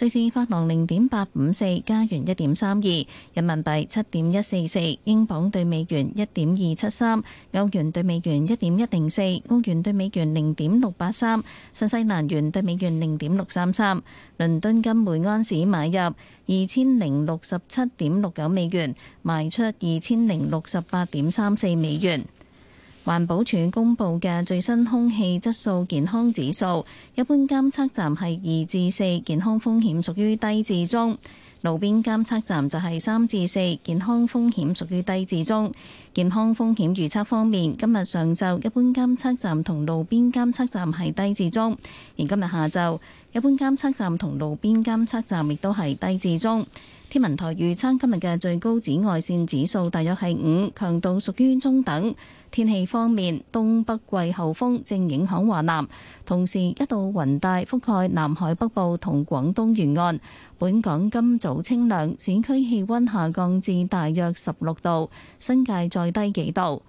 瑞士法郎零點八五四，加元一點三二，人民幣七點一四四，英鎊對美元一點二七三，歐元對美元一點一零四，澳元對美元零點六八三，新西蘭元對美元零點六三三，倫敦金每安士買入二千零六十七點六九美元，賣出二千零六十八點三四美元。環保署公佈嘅最新空氣質素健康指數，一般監測站係二至四，健康風險屬於低至中。路邊監測站就係三至四，健康風險屬於低至中。健康風險預測方面，今日上晝一般監測站同路邊監測站係低至中，而今日下晝一般監測站同路邊監測站亦都係低至中。天文台預測今日嘅最高紫外線指數大約係五，強度屬於中等。天氣方面，東北季候風正影響華南，同時一道雲帶覆蓋南海北部同廣東沿岸。本港今早清涼，市區氣温下降至大約十六度，新界再低幾度。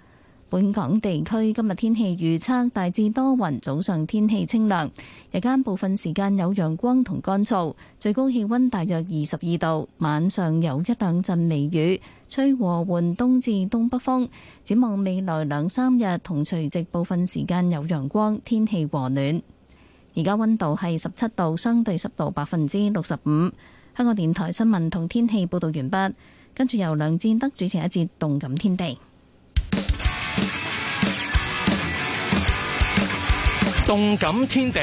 本港地區今日天氣預測大致多雲，早上天氣清涼，日間部分時間有陽光同乾燥，最高氣温大約二十二度，晚上有一兩陣微雨，吹和緩東至東北風。展望未來兩三日同除夕，部分時間有陽光，天氣和暖。而家溫度係十七度，相對濕度百分之六十五。香港電台新聞同天氣報道完畢，跟住由梁戰德主持一節動感天地。動感天地，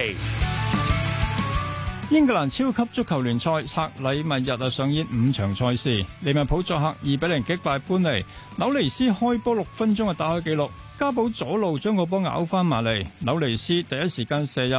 英格蘭超級足球聯賽拆禮物日啊上演五場賽事，利物浦作客二比零擊敗般尼，紐尼斯開波六分鐘啊打開紀錄。加保左路將個波咬翻埋嚟，紐尼斯第一時間射入，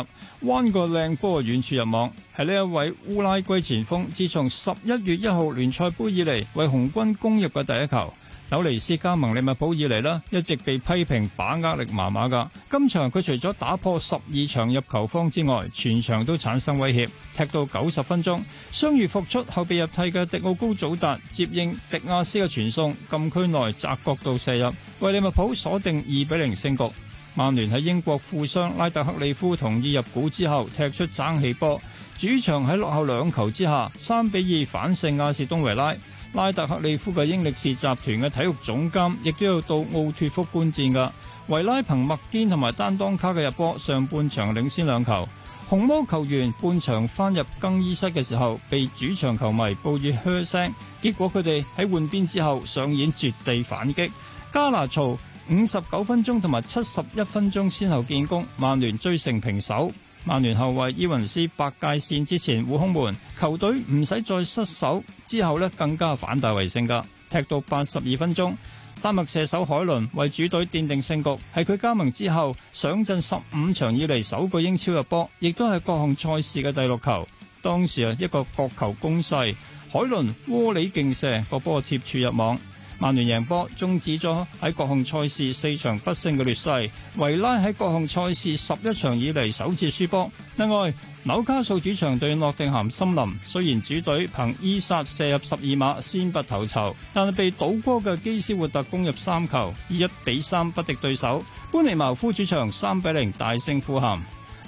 彎個靚波，遠處入網，係呢一位烏拉圭前鋒自從十一月一號聯賽杯以嚟為紅軍攻入嘅第一球。紐尼斯加盟利物浦以嚟呢，一直被批評把握力麻麻㗎。今場佢除咗打破十二場入球荒之外，全場都產生威脅，踢到九十分鐘，傷癒復出後備入替嘅迪奧高祖達接應迪亞斯嘅傳送，禁區內窄角度射入，為利物浦鎖定二比零勝局。曼聯喺英國富商拉特克利夫同意入股之後，踢出爭氣波，主場喺落後兩球之下三比二反勝亞士東維拉。拉特克利夫嘅英力士集團嘅體育總監亦都要到奧脫福觀戰嘅。維拉憑麥堅同埋丹當卡嘅入波，上半場領先兩球。紅魔球員半場翻入更衣室嘅時候，被主場球迷報以噓聲，結果佢哋喺換邊之後上演絕地反擊。加納曹五十九分鐘同埋七十一分鐘先後建功，曼聯追成平手。曼聯後衛伊雲斯八界線之前護空門，球隊唔使再失手，之後咧更加反敗為勝噶，踢到八十二分鐘，丹麥射手海倫為主隊奠定勝局，係佢加盟之後上陣十五場以嚟首個英超入波，亦都係各項賽事嘅第六球。當時啊，一個角球攻勢，海倫窩裏勁射個波貼柱入網。曼聯贏波，終止咗喺各項賽事四場不勝嘅劣勢。維拉喺各項賽事十一場以嚟首次輸波。另外，紐卡素主場對諾定咸森林，雖然主隊憑伊薩射入十二碼先拔頭籌，但係被倒戈嘅基斯活特攻入三球，以一比三不敵對手。般尼茅夫主場三比零大勝富咸。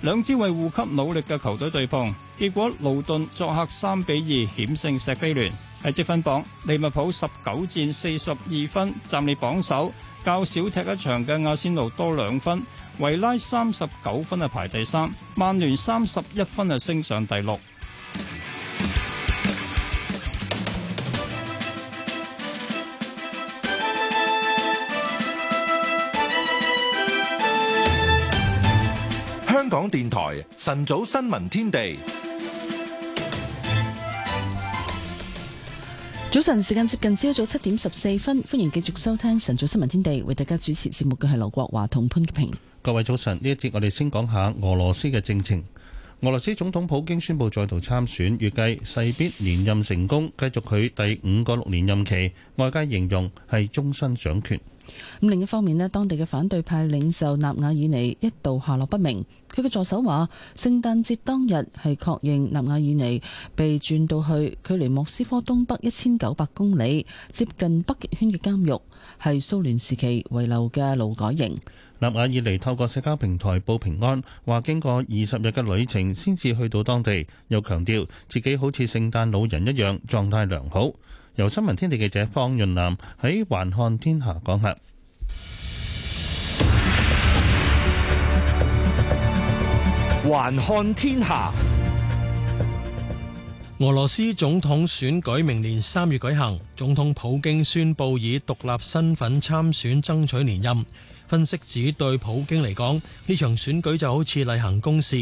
兩支為護級努力嘅球隊對碰，結果盧頓作客三比二險勝錫菲聯。喺積分榜，利物浦十九戰四十二分，暫列榜首；較少踢一場嘅阿仙奴多兩分，維拉三十九分係排第三，曼聯三十一分係升上第六。香港電台晨早新聞天地。早晨，時間接近朝早七點十四分，歡迎繼續收聽晨早新聞天地，為大家主持節目嘅係劉國華同潘潔平。各位早晨，呢一節我哋先講下俄羅斯嘅政情。俄羅斯總統普京宣佈再度參選，預計勢必連任成功，繼續佢第五個六年任期。外界形容係終身掌權。咁另一方面呢，當地嘅反對派領袖納瓦爾尼一度下落不明，佢嘅助手話，聖誕節當日係確認納瓦爾尼被轉到去距離莫斯科東北一千九百公里、接近北極圈嘅監獄。係蘇聯時期遺留嘅勞改營。納瓦爾尼透過社交平台報平安，話經過二十日嘅旅程先至去到當地，又強調自己好似聖誕老人一樣狀態良好。由新聞天地記者方潤南喺《橫看天下》講下，《橫看天下》。俄羅斯總統選舉明年三月舉行，總統普京宣布以獨立身份參選，爭取連任。分析指對普京嚟講，呢場選舉就好似例行公事，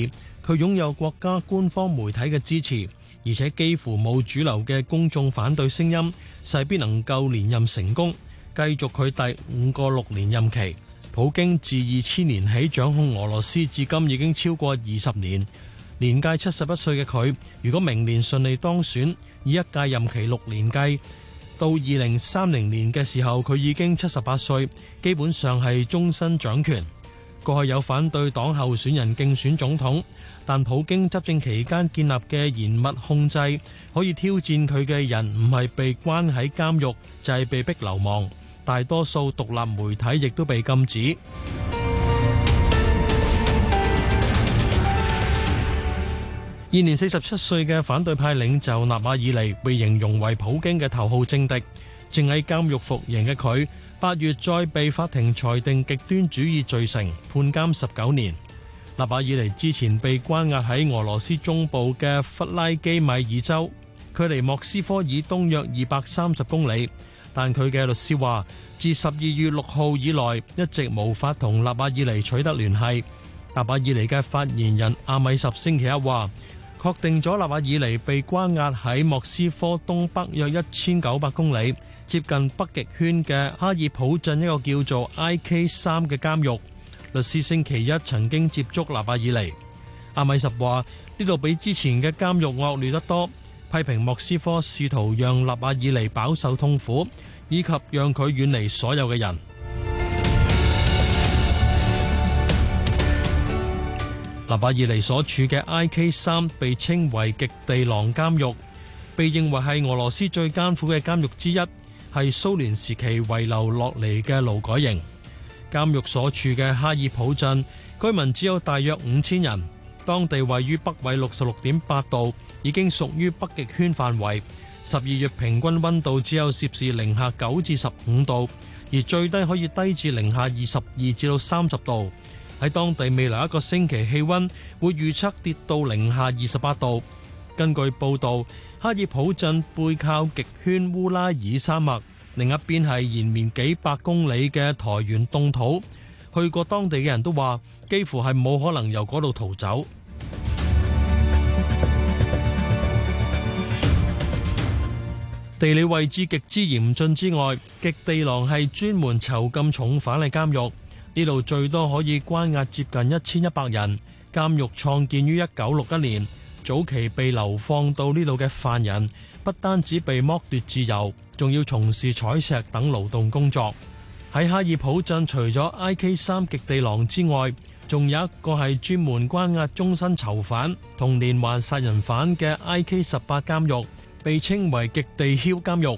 佢擁有國家官方媒體嘅支持，而且幾乎冇主流嘅公眾反對聲音，勢必能夠連任成功，繼續佢第五個六年任期。普京自二千年起掌控俄羅斯，至今已經超過二十年。年屆七十一歲嘅佢，如果明年順利當選，以一屆任期六年計，到二零三零年嘅時候，佢已經七十八歲，基本上係終身掌權。過去有反對黨候選人競選總統，但普京執政期間建立嘅嚴密控制，可以挑戰佢嘅人，唔係被關喺監獄，就係被逼流亡。大多數獨立媒體亦都被禁止。現年四十七歲嘅反對派領袖納瓦爾尼被形容為普京嘅頭號政敵，正喺監獄服刑嘅佢，八月再被法庭裁定極端主義罪成，判監十九年。納瓦爾尼之前被關押喺俄羅斯中部嘅弗拉基米爾州，距離莫斯科以東約二百三十公里。但佢嘅律師話，自十二月六號以來，一直無法同納瓦爾尼取得聯繫。納瓦爾尼嘅發言人阿米什星期一話。確定咗納瓦爾尼被關押喺莫斯科東北約一千九百公里、接近北極圈嘅哈爾普鎮一個叫做 IK3 嘅監獄。律師星期一曾經接觸納瓦爾尼。阿米什話：呢度比之前嘅監獄惡劣得多，批評莫斯科試圖讓納瓦爾尼飽受痛苦，以及讓佢遠離所有嘅人。納瓦爾尼所處嘅 IK 三被稱為極地狼監獄，被認為係俄羅斯最艱苦嘅監獄之一，係蘇聯時期遺留落嚟嘅勞改營。監獄所處嘅哈爾普鎮居民只有大約五千人，當地位於北緯六十六點八度，已經屬於北極圈範圍。十二月平均温度只有攝氏零下九至十五度，而最低可以低至零下二十二至到三十度。喺當地未來一個星期氣温會預測跌到零下二十八度。根據報導，哈爾普鎮背靠極圈烏拉爾山脈，另一邊係延綿幾百公里嘅台原凍土。去過當地嘅人都話，幾乎係冇可能由嗰度逃走。 地理位置極之嚴峻之外，極地狼係專門囚禁重犯嘅監獄。呢度最多可以關押接近一千一百人，監獄創建於一九六一年。早期被流放到呢度嘅犯人，不單止被剝奪自由，仲要從事採石等勞動工作。喺哈爾普鎮，除咗 I K 三極地狼之外，仲有一個係專門關押終身囚犯同連環殺人犯嘅 I K 十八監獄，被稱為極地囂監獄。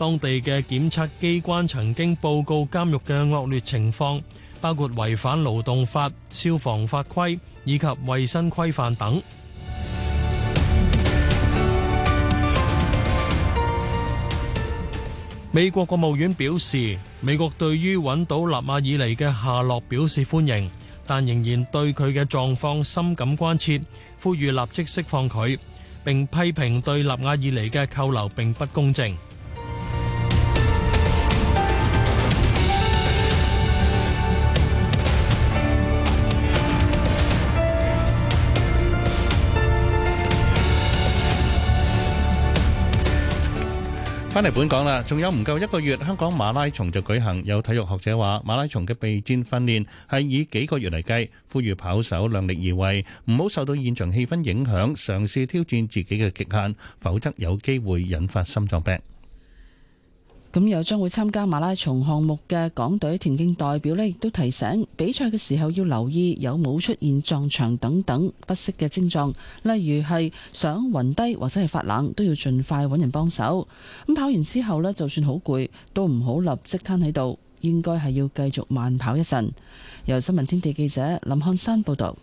當地嘅檢察機關曾經報告監獄嘅惡劣情況，包括違反勞動法、消防法規以及衛生規範等。美國國務院表示，美國對於揾到納瓦爾尼嘅下落表示歡迎，但仍然對佢嘅狀況深感關切，呼籲立即釋放佢，並批評對納瓦爾尼嘅扣留並不公正。翻嚟本港啦，仲有唔夠一個月，香港馬拉松就舉行。有體育學者話，馬拉松嘅備戰訓練係以幾個月嚟計，呼籲跑手量力而為，唔好受到現場氣氛影響，嘗試挑戰自己嘅極限，否則有機會引發心臟病。咁又將會參加馬拉松項目嘅港隊田徑代表呢，亦都提醒比賽嘅時候要留意有冇出現撞牆等等不適嘅症狀，例如係想暈低或者係發冷，都要盡快揾人幫手。咁跑完之後呢，就算好攰都唔好立即攤喺度，應該係要繼續慢跑一陣。由新聞天地記者林漢山報道。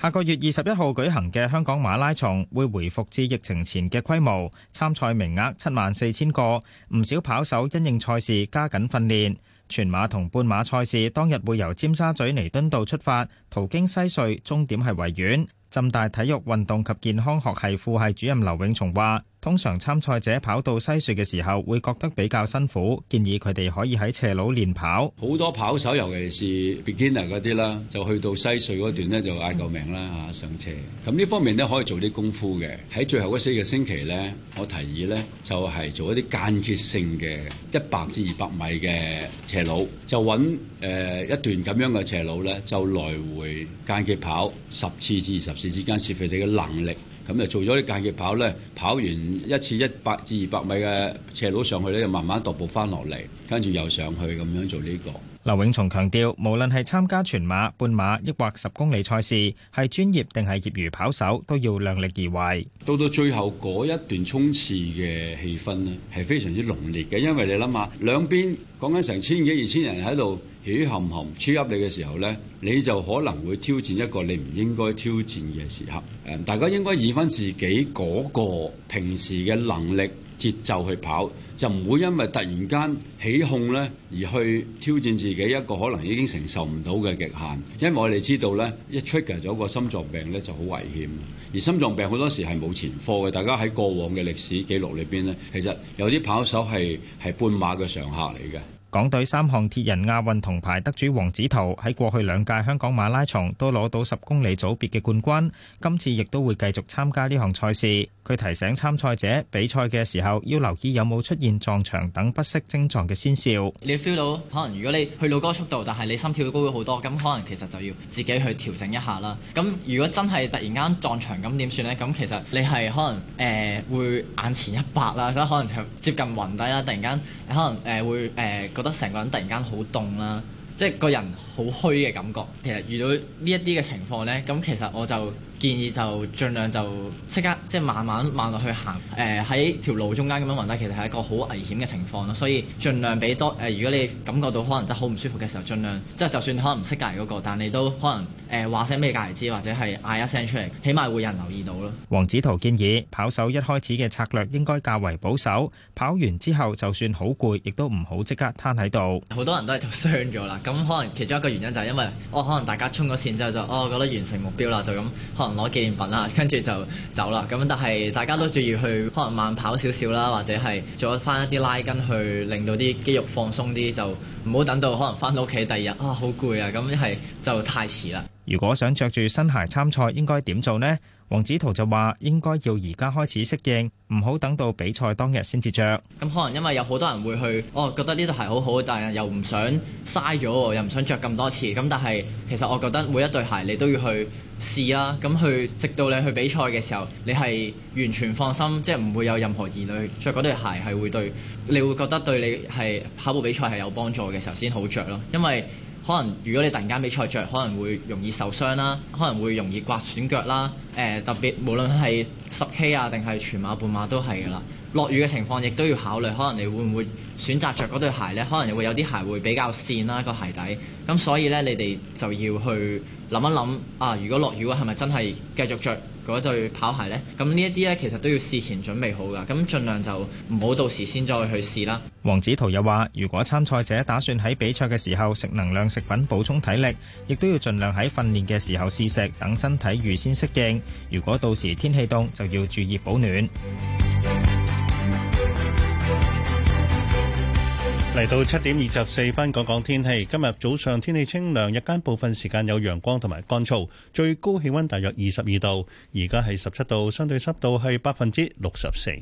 下個月二十一號舉行嘅香港馬拉松會回復至疫情前嘅規模，參賽名額七萬四千個，唔少跑手因應賽事加緊訓練。全馬同半馬賽事當日會由尖沙咀彌敦道出發，途經西隧，終點係維園。浸大體育運動及健康學系副系主任劉永松話。通常參賽者跑到西隧嘅時候會覺得比較辛苦，建議佢哋可以喺斜路練跑。好多跑手尤其是 beginner 嗰啲啦，就去到西隧嗰段咧就嗌救命啦嚇、啊、上車。咁呢方面咧可以做啲功夫嘅。喺最後嗰四個星期咧，我提議咧就係、是、做一啲間歇性嘅一百至二百米嘅斜路，就揾誒、呃、一段咁樣嘅斜路咧，就來回間歇跑十次至二十次之間，試佢哋嘅能力。咁就做咗啲間歇跑咧，跑完一次一百至二百米嘅斜路上去咧，就慢慢踱步翻落嚟，跟住又上去咁樣做呢個。劉永松強調，無論係參加全馬、半馬，抑或十公里賽事，係專業定係業餘跑手，都要量力而為。到到最後嗰一段衝刺嘅氣氛呢，係非常之濃烈嘅，因為你諗下，兩邊講緊成千幾、二千人喺度起含含超 up 你嘅時候呢，你就可能會挑戰一個你唔應該挑戰嘅時刻。誒，大家應該以翻自己嗰個平時嘅能力節奏去跑。就唔會因為突然間起哄呢而去挑戰自己一個可能已經承受唔到嘅極限，因為我哋知道呢，一 trigger 咗個心臟病呢就好危險，而心臟病好多時係冇前科嘅。大家喺過往嘅歷史記錄裏邊呢，其實有啲跑手係係半馬嘅常客嚟嘅。港隊三項鐵人亞運銅牌得主黃子圖喺過去兩屆香港馬拉松都攞到十公里組別嘅冠軍，今次亦都會繼續參加呢項賽事。佢提醒參賽者比賽嘅時候要留意有冇出現撞牆等不適症狀嘅先兆。你 feel 到可能如果你去到嗰個速度，但係你心跳高咗好多，咁可能其實就要自己去調整一下啦。咁如果真係突然間撞牆，咁點算呢？咁其實你係可能誒、呃、會眼前一白啦，所以可能就接近暈底啦。突然間你可能誒會誒。呃覺得成個人突然間好凍啦，即係個人。好虛嘅感覺，其實遇到呢一啲嘅情況呢，咁其實我就建議就儘量就即刻即係慢慢慢落去行，誒喺條路中間咁樣暈低，其實係一個好危險嘅情況咯，所以儘量俾多誒，如果你感覺到可能真係好唔舒服嘅時候，儘量即係就算可能唔識隔離嗰個，但你都可能誒話聲俾隔離知，或者係嗌一聲出嚟，起碼會有人留意到咯。黃子圖建議跑手一開始嘅策略應該較為保守，跑完之後就算好攰，亦都唔好即刻攤喺度。好多人都係就傷咗啦，咁可能其中一個。原因就係因為哦，可能大家衝咗線之後就哦，覺得完成目標啦，就咁可能攞紀念品啦，跟住就走啦。咁但係大家都注意去，可能慢跑少少啦，或者係做翻一啲拉筋，去令到啲肌肉放鬆啲，就唔好等到可能翻到屋企第二日啊，好攰啊，咁係就太遲啦。如果想着住新鞋參賽，應該點做呢？王子圖就話：應該要而家開始適應，唔好等到比賽當日先至着。咁可能因為有好多人會去，我、哦、覺得呢對鞋好好，但係又唔想嘥咗，又唔想着咁多次。咁但係其實我覺得每一對鞋你都要去試啦，咁去直到你去比賽嘅時候，你係完全放心，即係唔會有任何疑慮，着嗰對鞋係會對，你會覺得對你係跑步比賽係有幫助嘅時候先好着咯，因為。可能如果你突然間比賽着，可能會容易受傷啦，可能會容易刮損腳啦。誒、呃，特別無論係十 K 啊，定係全馬、半馬都係噶啦。落雨嘅情況亦都要考慮，可能你會唔會選擇着嗰對鞋咧？可能又會有啲鞋會比較跣啦個鞋底。咁所以咧，你哋就要去諗一諗啊！如果落雨嘅話，係咪真係繼續着？嗰對跑鞋呢，咁呢一啲咧，其實都要事前準備好噶，咁盡量就唔好到時先再去試啦。黃子圖又話，如果參賽者打算喺比賽嘅時候食能量食品補充體力，亦都要盡量喺訓練嘅時候試食，等身體預先適應。如果到時天氣凍，就要注意保暖。嚟到七點二十四分，講講天氣。今日早上天氣清涼，日間部分時間有陽光同埋乾燥，最高氣溫大約二十二度，而家係十七度，相對濕度係百分之六十四。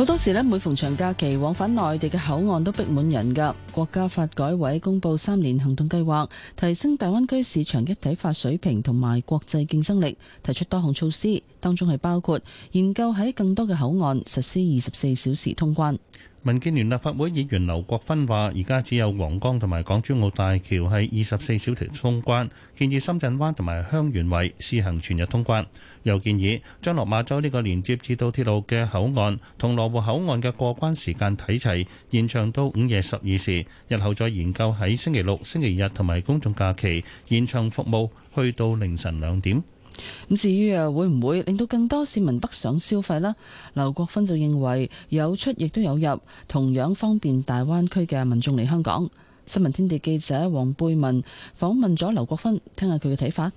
好多時咧，每逢長假期，往返內地嘅口岸都逼滿人㗎。國家發改委公布三年行動計劃，提升大灣區市場一體化水平同埋國際競爭力，提出多項措施，當中係包括研究喺更多嘅口岸實施二十四小時通關。民建聯立法會議員劉國芬話：而家只有皇崗同埋港珠澳大橋係二十四小時通關，建議深圳灣同埋香園圍試行全日通關，又建議將落馬洲呢個連接至到鐵路嘅口岸同羅湖口岸嘅過關時間睇齊，延長到午夜十二時，日後再研究喺星期六、星期日同埋公眾假期延長服務去到凌晨兩點。咁至於啊，會唔會令到更多市民北上消費呢？劉國芬就認為有出亦都有入，同樣方便大灣區嘅民眾嚟香港。新聞天地記者黃貝文訪問咗劉國芬，聽下佢嘅睇法。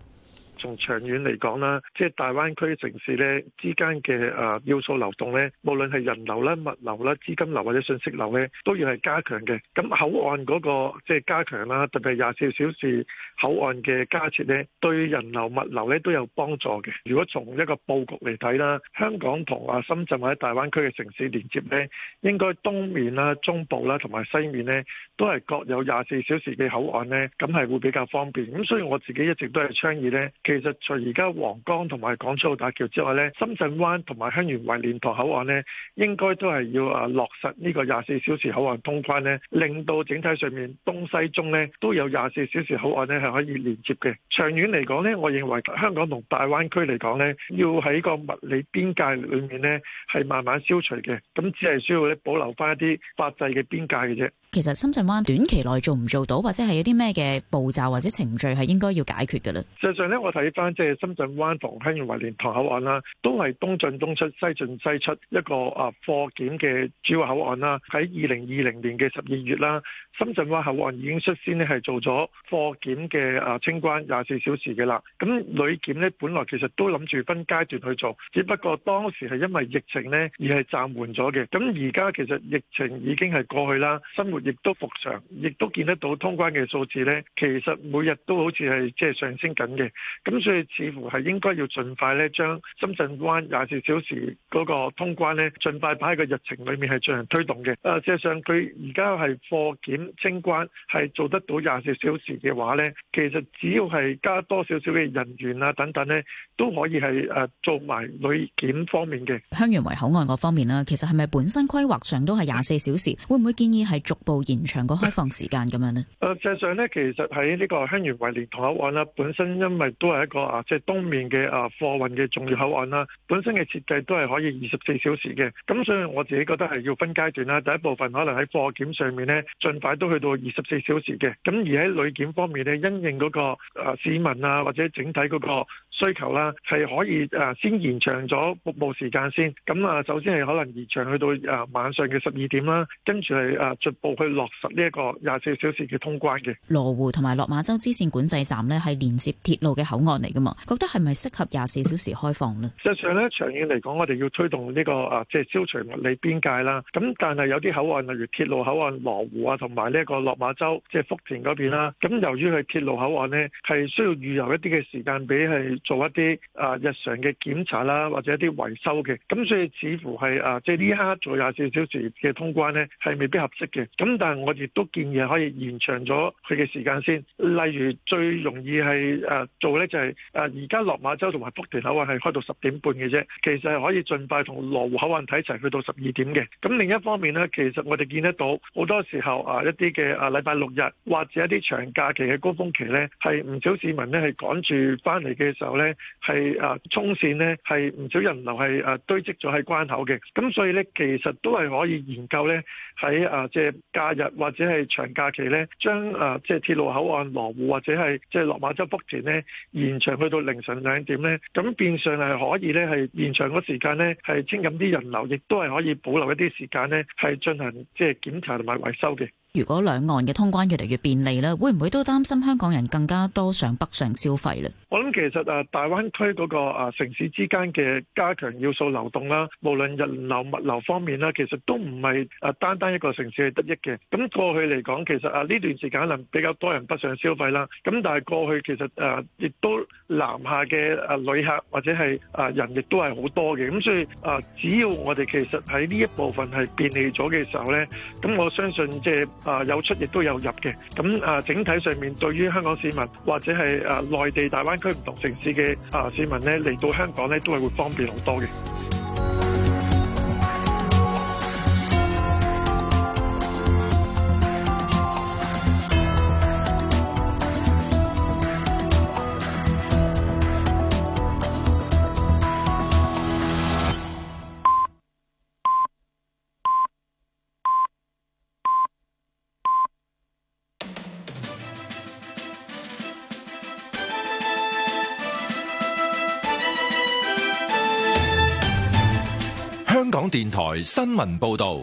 從長遠嚟講啦，即係大灣區城市咧之間嘅誒要素流動咧，無論係人流啦、物流啦、資金流或者信息流咧，都要係加強嘅。咁口岸嗰個即係加強啦，特別係廿四小時口岸嘅加設咧，對人流、物流咧都有幫助嘅。如果從一個佈局嚟睇啦，香港同啊深圳或者大灣區嘅城市連接咧，應該東面啦、中部啦同埋西面咧，都係各有廿四小時嘅口岸咧，咁係會比較方便。咁所以我自己一直都係倡議咧。其實除而家黃江同埋港珠澳大橋之外咧，深圳灣同埋香園圍蓮塘口岸咧，應該都係要啊落實呢個廿四小時口岸通關咧，令到整體上面東西中咧都有廿四小時口岸咧係可以連接嘅。長遠嚟講咧，我認為香港同大灣區嚟講咧，要喺個物理邊界裏面咧係慢慢消除嘅，咁只係需要咧保留翻一啲法制嘅邊界嘅啫。其實深圳灣短期內做唔做到，或者係有啲咩嘅步驟或者程序係應該要解決噶啦。事實上咧，我睇。睇翻即係深圳灣、香園圍、蓮塘口岸啦，都係東進東出、西進西出一個啊貨檢嘅主要口岸啦。喺二零二零年嘅十二月啦，深圳灣口岸已經率先呢係做咗貨檢嘅啊清關廿四小時嘅啦。咁旅檢呢，本來其實都諗住分階段去做，只不過當時係因為疫情呢而係暫緩咗嘅。咁而家其實疫情已經係過去啦，生活亦都復常，亦都見得到通關嘅數字呢，其實每日都好似係即係上升緊嘅。咁所以似乎係應該要盡快咧，將深圳灣廿四小時嗰個通關咧，盡快擺喺個日程裏面係進行推動嘅。誒、啊，事實上佢而家係貨檢清關，係做得到廿四小時嘅話咧，其實只要係加多少少嘅人員啊等等咧，都可以係誒、啊、做埋旅檢方面嘅。香園圍口岸嗰方面啦，其實係咪本身規劃上都係廿四小時，會唔會建議係逐步延長個開放時間咁樣咧？誒、 啊，事實上咧，其實喺呢個香園圍連同口岸啦，本身因為都～係一個啊，即係東面嘅啊貨運嘅重要口岸啦。本身嘅設計都係可以二十四小時嘅，咁所以我自己覺得係要分階段啦。第一部分可能喺貨檢上面咧，盡快都去到二十四小時嘅。咁而喺旅檢方面咧，因應嗰個啊市民啊或者整體嗰個需求啦，係可以啊先延長咗服務時間先。咁啊，首先係可能延長去到啊晚上嘅十二點啦，跟住係啊逐步去落實呢一個廿四小時嘅通關嘅。羅湖同埋落馬洲支線管制站咧，係連接鐵路嘅口岸。案嚟噶嘛？覺得係咪適合廿四小時開放呢？實際上呢，長遠嚟講，我哋要推動呢個啊，即係消除物理邊界啦。咁但係有啲口岸，例如鐵路口岸、羅湖啊，同埋呢個落馬洲，即係福田嗰邊啦。咁由於係鐵路口岸呢，係需要預留一啲嘅時間，俾係做一啲啊日常嘅檢查啦，或者一啲維修嘅。咁所以似乎係啊，即係呢一刻做廿四小時嘅通關呢，係未必合適嘅。咁但係我亦都建議可以延長咗佢嘅時間先。例如最容易係啊做呢。即係誒，而家落馬洲同埋福田口岸係開到十點半嘅啫，其實係可以盡快同羅湖口岸睇齊去到十二點嘅。咁另一方面呢，其實我哋見得到好多時候啊，一啲嘅啊禮拜六日或者一啲長假期嘅高峰期呢，係唔少市民呢係趕住翻嚟嘅時候呢，係啊衝線呢，係唔少人流係啊堆積咗喺關口嘅。咁所以呢，其實都係可以研究呢，喺啊即係假日或者係長假期呢，將啊即係鐵路口岸羅湖或者係即係落馬洲福田呢。延長去到凌晨兩點咧，咁變相係可以咧，係延長個時間咧，係清減啲人流，亦都係可以保留一啲時間咧，係進行即係檢查同埋維修嘅。如果兩岸嘅通關越嚟越便利咧，會唔會都擔心香港人更加多上北上消費咧？我諗其實啊，大灣區嗰個啊城市之間嘅加強要素流動啦，無論人流物流方面啦，其實都唔係啊單單一個城市係得益嘅。咁過去嚟講，其實啊呢段時間能比較多人北上消費啦。咁但係過去其實啊，亦都南下嘅啊旅客或者係啊人亦都係好多嘅。咁所以啊，只要我哋其實喺呢一部分係便利咗嘅時候咧，咁我相信即係。啊有出亦都有入嘅，咁啊整體上面對於香港市民或者係啊內地大灣區唔同城市嘅啊市民咧嚟到香港咧都係會方便好多嘅。電台新聞報道：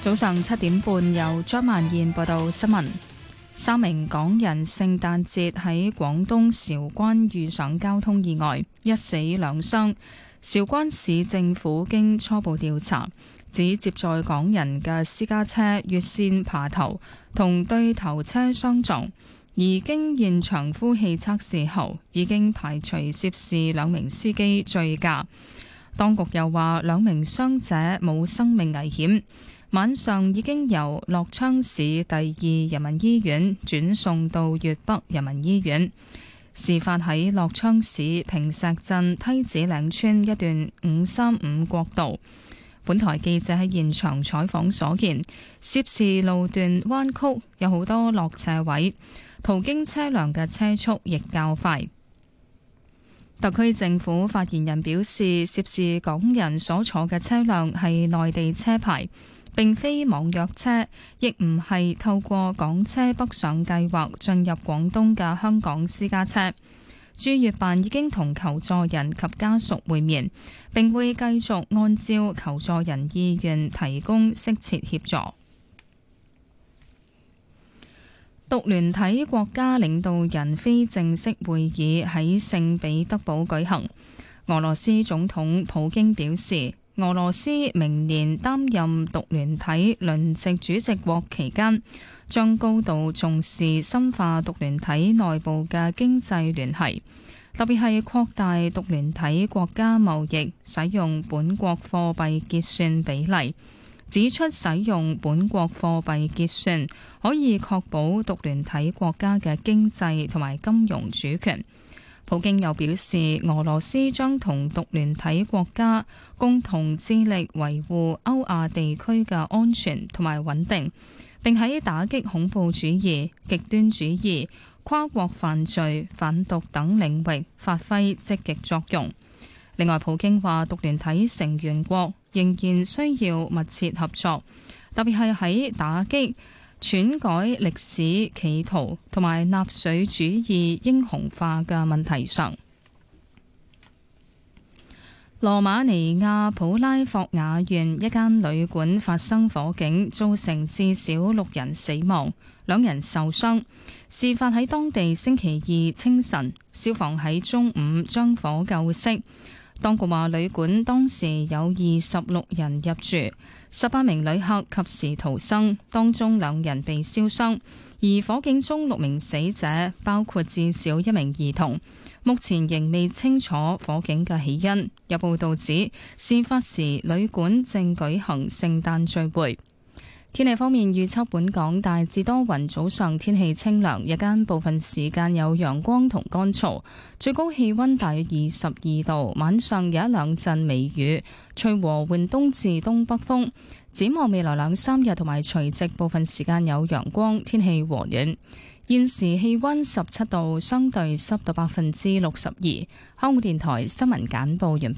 早上七點半，由張曼燕報道新聞。三名港人聖誕節喺廣東韶關遇上交通意外，一死兩傷。韶關市政府經初步調查，指接載港人嘅私家車越綫爬頭，同對頭車相撞。而經現場呼氣測試後，已經排除涉事兩名司機醉駕。當局又話，兩名傷者冇生命危險，晚上已經由樂昌市第二人民醫院轉送到粵北人民醫院。事發喺樂昌市平石鎮梯子嶺村一段五三五國道。本台記者喺現場採訪所見，涉事路段彎曲，有好多落斜位。途經車輛嘅車速亦較快。特區政府發言人表示，涉事港人所坐嘅車輛係內地車牌，並非網約車，亦唔係透過港車北上計劃進入廣東嘅香港私家車。駐粵辦已經同求助人及家屬會面，並會繼續按照求助人意願提供適切協助。獨聯體國家領導人非正式會議喺聖彼得堡舉行。俄羅斯總統普京表示，俄羅斯明年擔任獨聯體輪值主席國期間，將高度重視深化獨聯體內部嘅經濟聯繫，特別係擴大獨聯體國家貿易，使用本國貨幣結算比例。指出使用本國貨幣結算可以確保獨聯體國家嘅經濟同埋金融主權，普京又表示，俄羅斯將同獨聯體國家共同致力維護歐亞地區嘅安全同埋穩定，並喺打擊恐怖主義、極端主義、跨國犯罪、反毒等領域發揮積極極作用。另外，普京話獨聯體成員國。仍然需要密切合作，特別係喺打擊、篡改歷史、企圖同埋納粹主義英雄化嘅問題上。羅馬尼亞普拉霍瓦縣一間旅館發生火警，造成至少六人死亡，兩人受傷。事發喺當地星期二清晨，消防喺中午將火救熄。當局話，旅館當時有二十六人入住，十八名旅客及時逃生，當中兩人被燒傷，而火警中六名死者，包括至少一名兒童，目前仍未清楚火警嘅起因。有報道指，事發時旅館正舉行聖誕聚會。天氣方面預測，本港大致多雲，早上天氣清涼，日間部分時間有陽光同乾燥，最高氣溫大約二十二度，晚上有一兩陣微雨，隨和緩東至東北風。展望未來兩三日同埋除夕部分時間有陽光，天氣和暖。現時氣溫十七度，相對濕度百分之六十二。香港電台新聞簡報完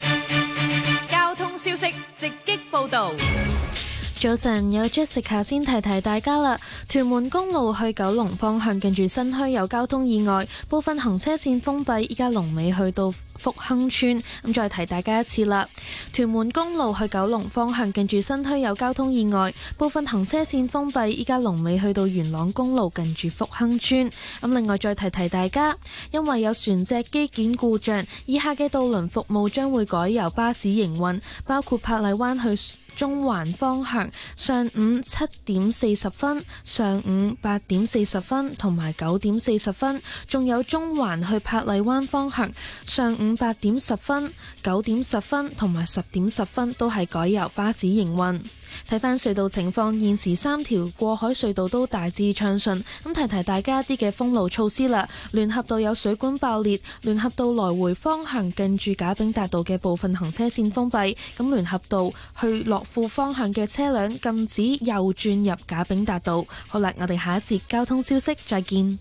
畢。交通消息直擊報道。早晨，有 Jessica 先提提大家啦。屯門公路去九龍方向近住新墟有交通意外，部分行車線封閉，依家龍尾去到福亨村。咁再提大家一次啦。屯門公路去九龍方向近住新墟有交通意外，部分行車線封閉，依家龍尾去到元朗公路近住福亨村。咁另外再提提大家，因為有船隻機件故障，以下嘅渡輪服務將會改由巴士營運，包括柏麗灣去。中環方向上午七點四十分、上午八點四十分同埋九點四十分，仲有中環去珀麗灣方向上午八點十分、九點十分同埋十點十分，都係改由巴士營運。睇翻隧道情況，現時三條過海隧道都大致暢順。咁提提大家一啲嘅封路措施啦。聯合道有水管爆裂，聯合道來回方向近住賈炳達道嘅部分行車線封閉。咁聯合道去樂富方向嘅車輛禁止右轉入賈炳達道。好啦，我哋下一節交通消息再見。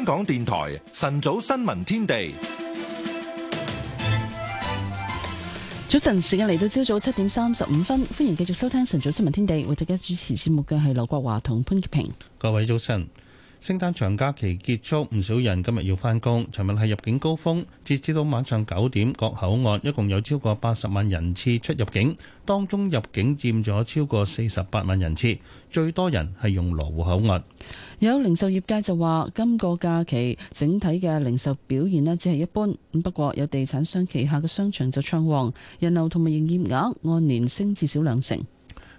香港電台晨早新聞天地，早晨時間嚟到朝早七點三十五分，歡迎繼續收聽晨早新聞天地，為大家主持節目嘅係劉國華同潘潔平，各位早晨。聖誕長假期結束，唔少人今日要返工。尋日係入境高峰，截止到晚上九點，各口岸一共有超過八十萬人次出入境，當中入境佔咗超過四十八萬人次，最多人係用羅湖口岸。有零售業界就話，今個假期整體嘅零售表現呢只係一般，不過有地產商旗下嘅商場就暢旺，人流同埋營業額按年升至少兩成。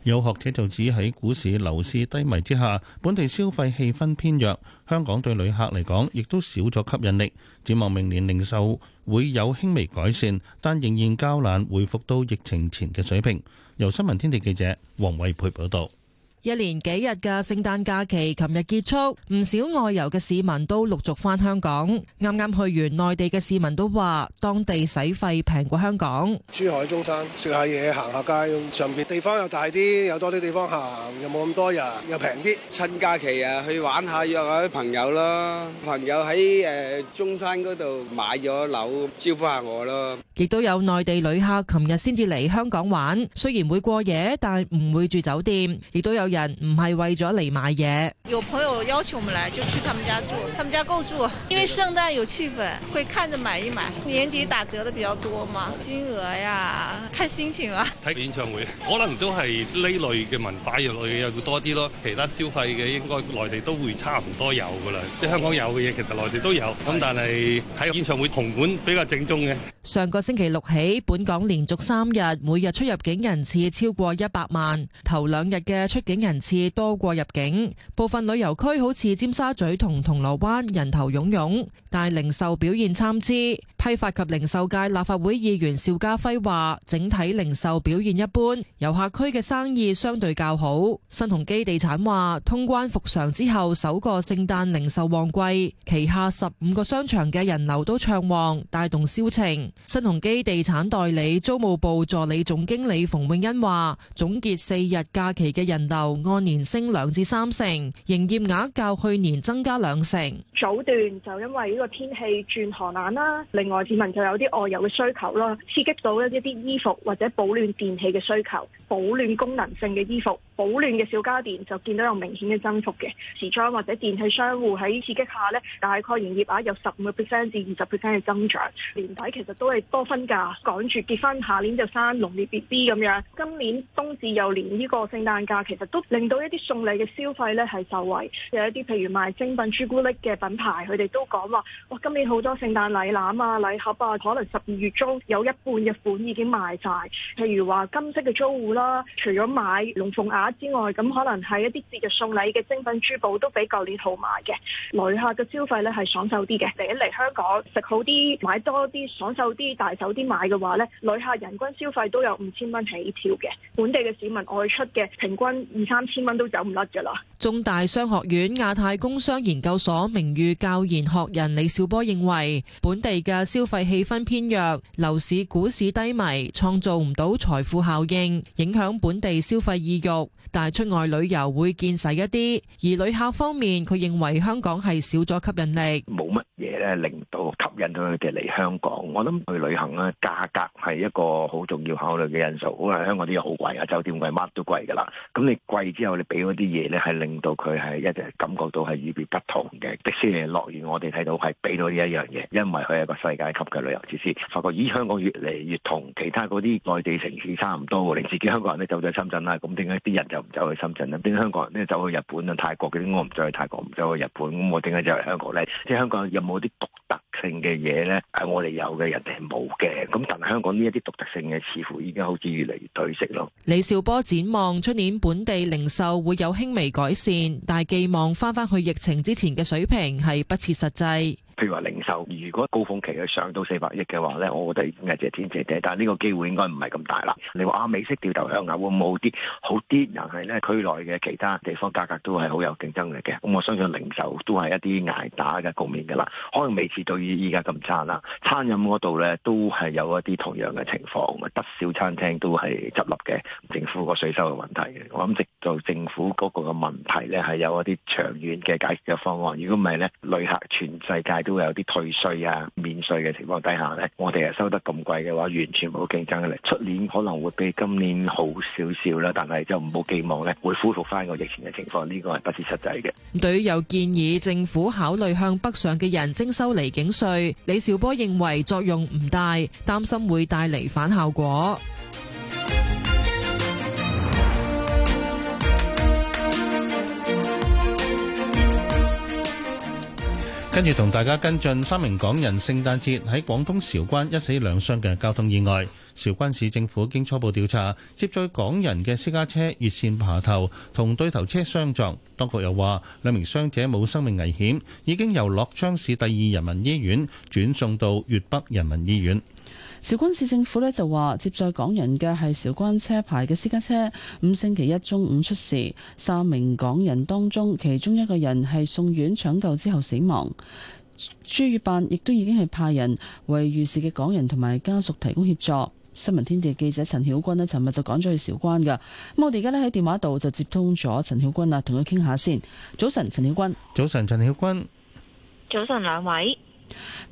有學者就指喺股市樓市低迷之下，本地消費氣氛偏弱，香港對旅客嚟講亦都少咗吸引力。展望明年零售會有輕微改善，但仍然較難回復到疫情前嘅水平。由新聞天地記者王偉培報道。一連幾日嘅聖誕假期，琴日結束，唔少外遊嘅市民都陸續返香港。啱啱去完內地嘅市民都話，當地使費平過香港。珠海中山食下嘢、行下街，上邊地方又大啲，有多啲地方行，又冇咁多人，又平啲。趁假期啊，去玩下，約下啲朋友啦。朋友喺誒中山嗰度買咗樓，招呼下我咯。亦都有內地旅客琴日先至嚟香港玩，雖然會過夜，但唔會住酒店。亦都有。人唔係為咗嚟買嘢，有朋友邀請我們來就去他們家住，他們家夠住，因為聖誕有氣氛，會看着買一買。年底打折的比較多嘛，金額呀，看心情啦、啊。睇演唱會可能都係呢類嘅文化娛樂嘅又多啲咯，其他消費嘅應該內地都會差唔多有噶啦，即係香港有嘅嘢，其實內地都有，咁但係睇演唱會紅館比較正宗嘅。 上個星期六起，本港連續三日每日出入境人次超過一百萬，頭兩日嘅出境人次多過入境，部分旅遊區好似尖沙咀同銅鑼灣人頭湧湧，但零售表現參差。批發及零售界立法會議員邵家輝話：整體零售表現一般，遊客區嘅生意相對較好。新鴻基地產話：通關復常之後首個聖誕零售旺季，旗下十五個商場嘅人流都暢旺，帶動銷情。新鴻基地產代理租務部助理總經理馮永欣話：總結四日假期嘅人流按年升兩至三成，營業額較去年增加兩成。早段就因為呢個天氣轉寒冷啦，另外市民就有啲外遊嘅需求啦，刺激到一啲衣服或者保暖電器嘅需求，保暖功能性嘅衣服。保暖嘅小家電就見到有明顯嘅增幅嘅，時裝或者電器商戶喺刺激下咧，大概營業額有十五 percent 至二十 percent 嘅增長。年底其實都係多分價，趕住結婚，下年就生龍 BB 咁樣。今年冬至又連呢個聖誕假，其實都令到一啲送禮嘅消費呢係受惠。有一啲譬如賣精品朱古力嘅品牌，佢哋都講話，哇！今年好多聖誕禮籃啊、禮盒啊，可能十二月中有一半嘅款已經賣晒。譬如話金色嘅租戶啦，除咗買龍鳳鈪，之外，咁可能係一啲節日送禮嘅精品珠寶都比舊年好買嘅。旅客嘅消費咧係爽手啲嘅，第一嚟香港食好啲買多啲爽手啲大手啲買嘅話咧，旅客人均消費都有五千蚊起跳嘅。本地嘅市民外出嘅平均二三千蚊都走唔甩噶啦。中大商學院亞太工商研究所名譽教研學人李兆波認為，本地嘅消費氣氛偏弱，樓市、股市低迷，創造唔到財富效應，影響本地消費意欲。但係出外旅遊會見細一啲，而旅客方面，佢認為香港係少咗吸引力。冇乜嘢咧令到吸引到佢哋嚟香港。我諗去旅行咧，價格係一個好重要考慮嘅因素。因為香港啲嘢好貴啊，酒店貴，乜都貴噶啦。咁你貴之後，你俾嗰啲嘢咧係令到佢係一直感覺到係與別不同嘅迪士尼樂園。我哋睇到係俾到呢一樣嘢，因為佢係一個世界級嘅旅遊設施。發覺咦，香港越嚟越同其他嗰啲內地城市差唔多喎，令自己香港人咧走咗深圳啦，咁點解啲人就？唔走去深圳啦，啲香港人咧走去日本啊、泰國嗰啲，我唔走去泰國，唔走去日本，咁我點解走去香港咧？即係香港有冇啲獨特性嘅嘢咧？係我哋有嘅，人哋係冇嘅。咁但係香港呢一啲獨特性嘅，似乎已經好似越嚟越退色咯。李兆波展望出年本地零售會有輕微改善，但係寄望翻翻去疫情之前嘅水平係不切實際。譬如話零售，如果高峰期佢上到四百億嘅話咧，我覺得係謝天謝地，但係呢個機會應該唔係咁大啦。你話啊，美式調頭香啊，會冇啲好啲，但係咧，區內嘅其他地方價格都係好有競爭力嘅。咁我相信零售都係一啲挨打嘅局面嘅啦。可能未至於依家咁差啦。餐飲嗰度咧都係有一啲同樣嘅情況，得少餐廳都係執笠嘅。政府個稅收嘅問題，我諗直到政府嗰個嘅問題咧係有一啲長遠嘅解決嘅方案。如果唔係咧，旅客全世界都有啲退稅啊、免稅嘅情況底下呢，我哋係收得咁貴嘅話，完全冇競爭力。出年可能會比今年好少少啦，但係就唔好寄望呢會恢復翻個疫情嘅情況，呢個係不切實際嘅。對於有建議政府考慮向北上嘅人徵收離境稅，李兆波認為作用唔大，擔心會帶嚟反效果。跟住同大家跟進三名港人聖誕節喺廣東韶關一死兩傷嘅交通意外。韶關市政府經初步調查，接載港人嘅私家車越線爬頭，同對頭車相撞。當局又話，兩名傷者冇生命危險，已經由樂昌市第二人民醫院轉送到粵北人民醫院。韶關市政府呢就話，接載港人嘅係韶關車牌嘅私家車，五星期一中午出事，三名港人當中，其中一個人係送院搶救之後死亡。駐粵辦亦都已經係派人為遇事嘅港人同埋家屬提供協助。新聞天地記者陳曉君呢，尋日就趕咗去韶關噶，咁我哋而家呢喺電話度就接通咗陳曉君啦，同佢傾下先。早晨，陳曉君。早晨，陳曉君。早晨，兩位。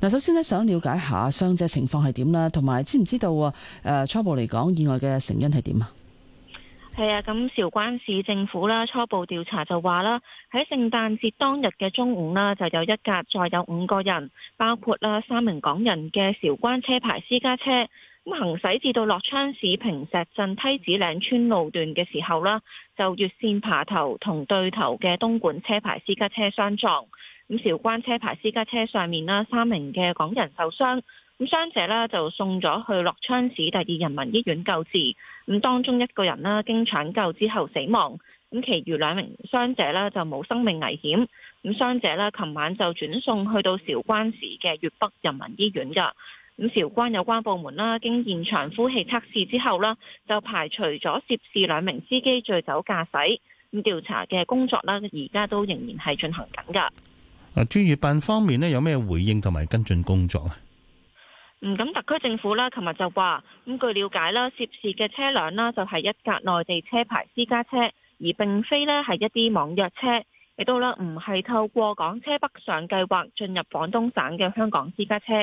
嗱，首先咧，想了解下傷者情況係點啦，同埋知唔知道啊？誒，初步嚟講，意外嘅成因係點啊？係啊，咁韶關市政府啦，初步調查就話啦，喺聖誕節當日嘅中午啦，就有一架載有五個人，包括啦三名港人嘅韶關車牌私家車，咁行駛至到樂昌市平石鎮梯子嶺村路段嘅時候啦，就越線爬頭同對頭嘅東莞車牌私家車相撞。咁韶關車牌私家車上面啦，三名嘅港人受傷，咁傷者呢，就送咗去樂昌市第二人民醫院救治，咁當中一個人啦經搶救之後死亡，咁其餘兩名傷者呢，就冇生命危險，咁傷者呢，琴晚就轉送去到韶關市嘅粵北人民醫院噶，咁韶關有關部門啦經現場呼氣測試之後啦，就排除咗涉事兩名司機醉酒駕駛，咁調查嘅工作啦而家都仍然係進行緊噶。啊！專業辦方面咧，有咩回應同埋跟進工作咧？嗯，咁特區政府咧，琴日就話，咁據了解啦，涉事嘅車輛啦，就係一架內地車牌私家車，而並非咧係一啲網約車，亦都啦唔係透過港車北上計劃進入廣東省嘅香港私家車。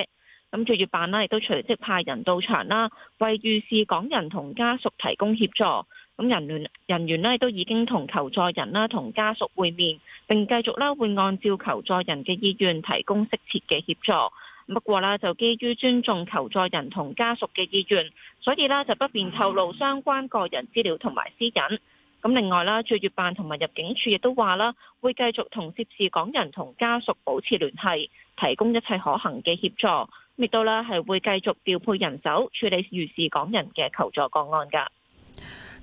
咁專業辦啦，亦都隨即派人到場啦，為遇事港人同家屬提供協助。咁人員人員呢都已經同求助人啦同家屬會面，並繼續啦會按照求助人嘅意願提供適切嘅協助。不過呢，就基於尊重求助人同家屬嘅意願，所以呢就不便透露相關個人資料同埋私隱。咁另外啦，駐粵辦同埋入境處亦都話啦，會繼續同涉事港人同家屬保持聯繫，提供一切可行嘅協助。亦都啦係會繼續調配人手處理遇事港人嘅求助個案噶。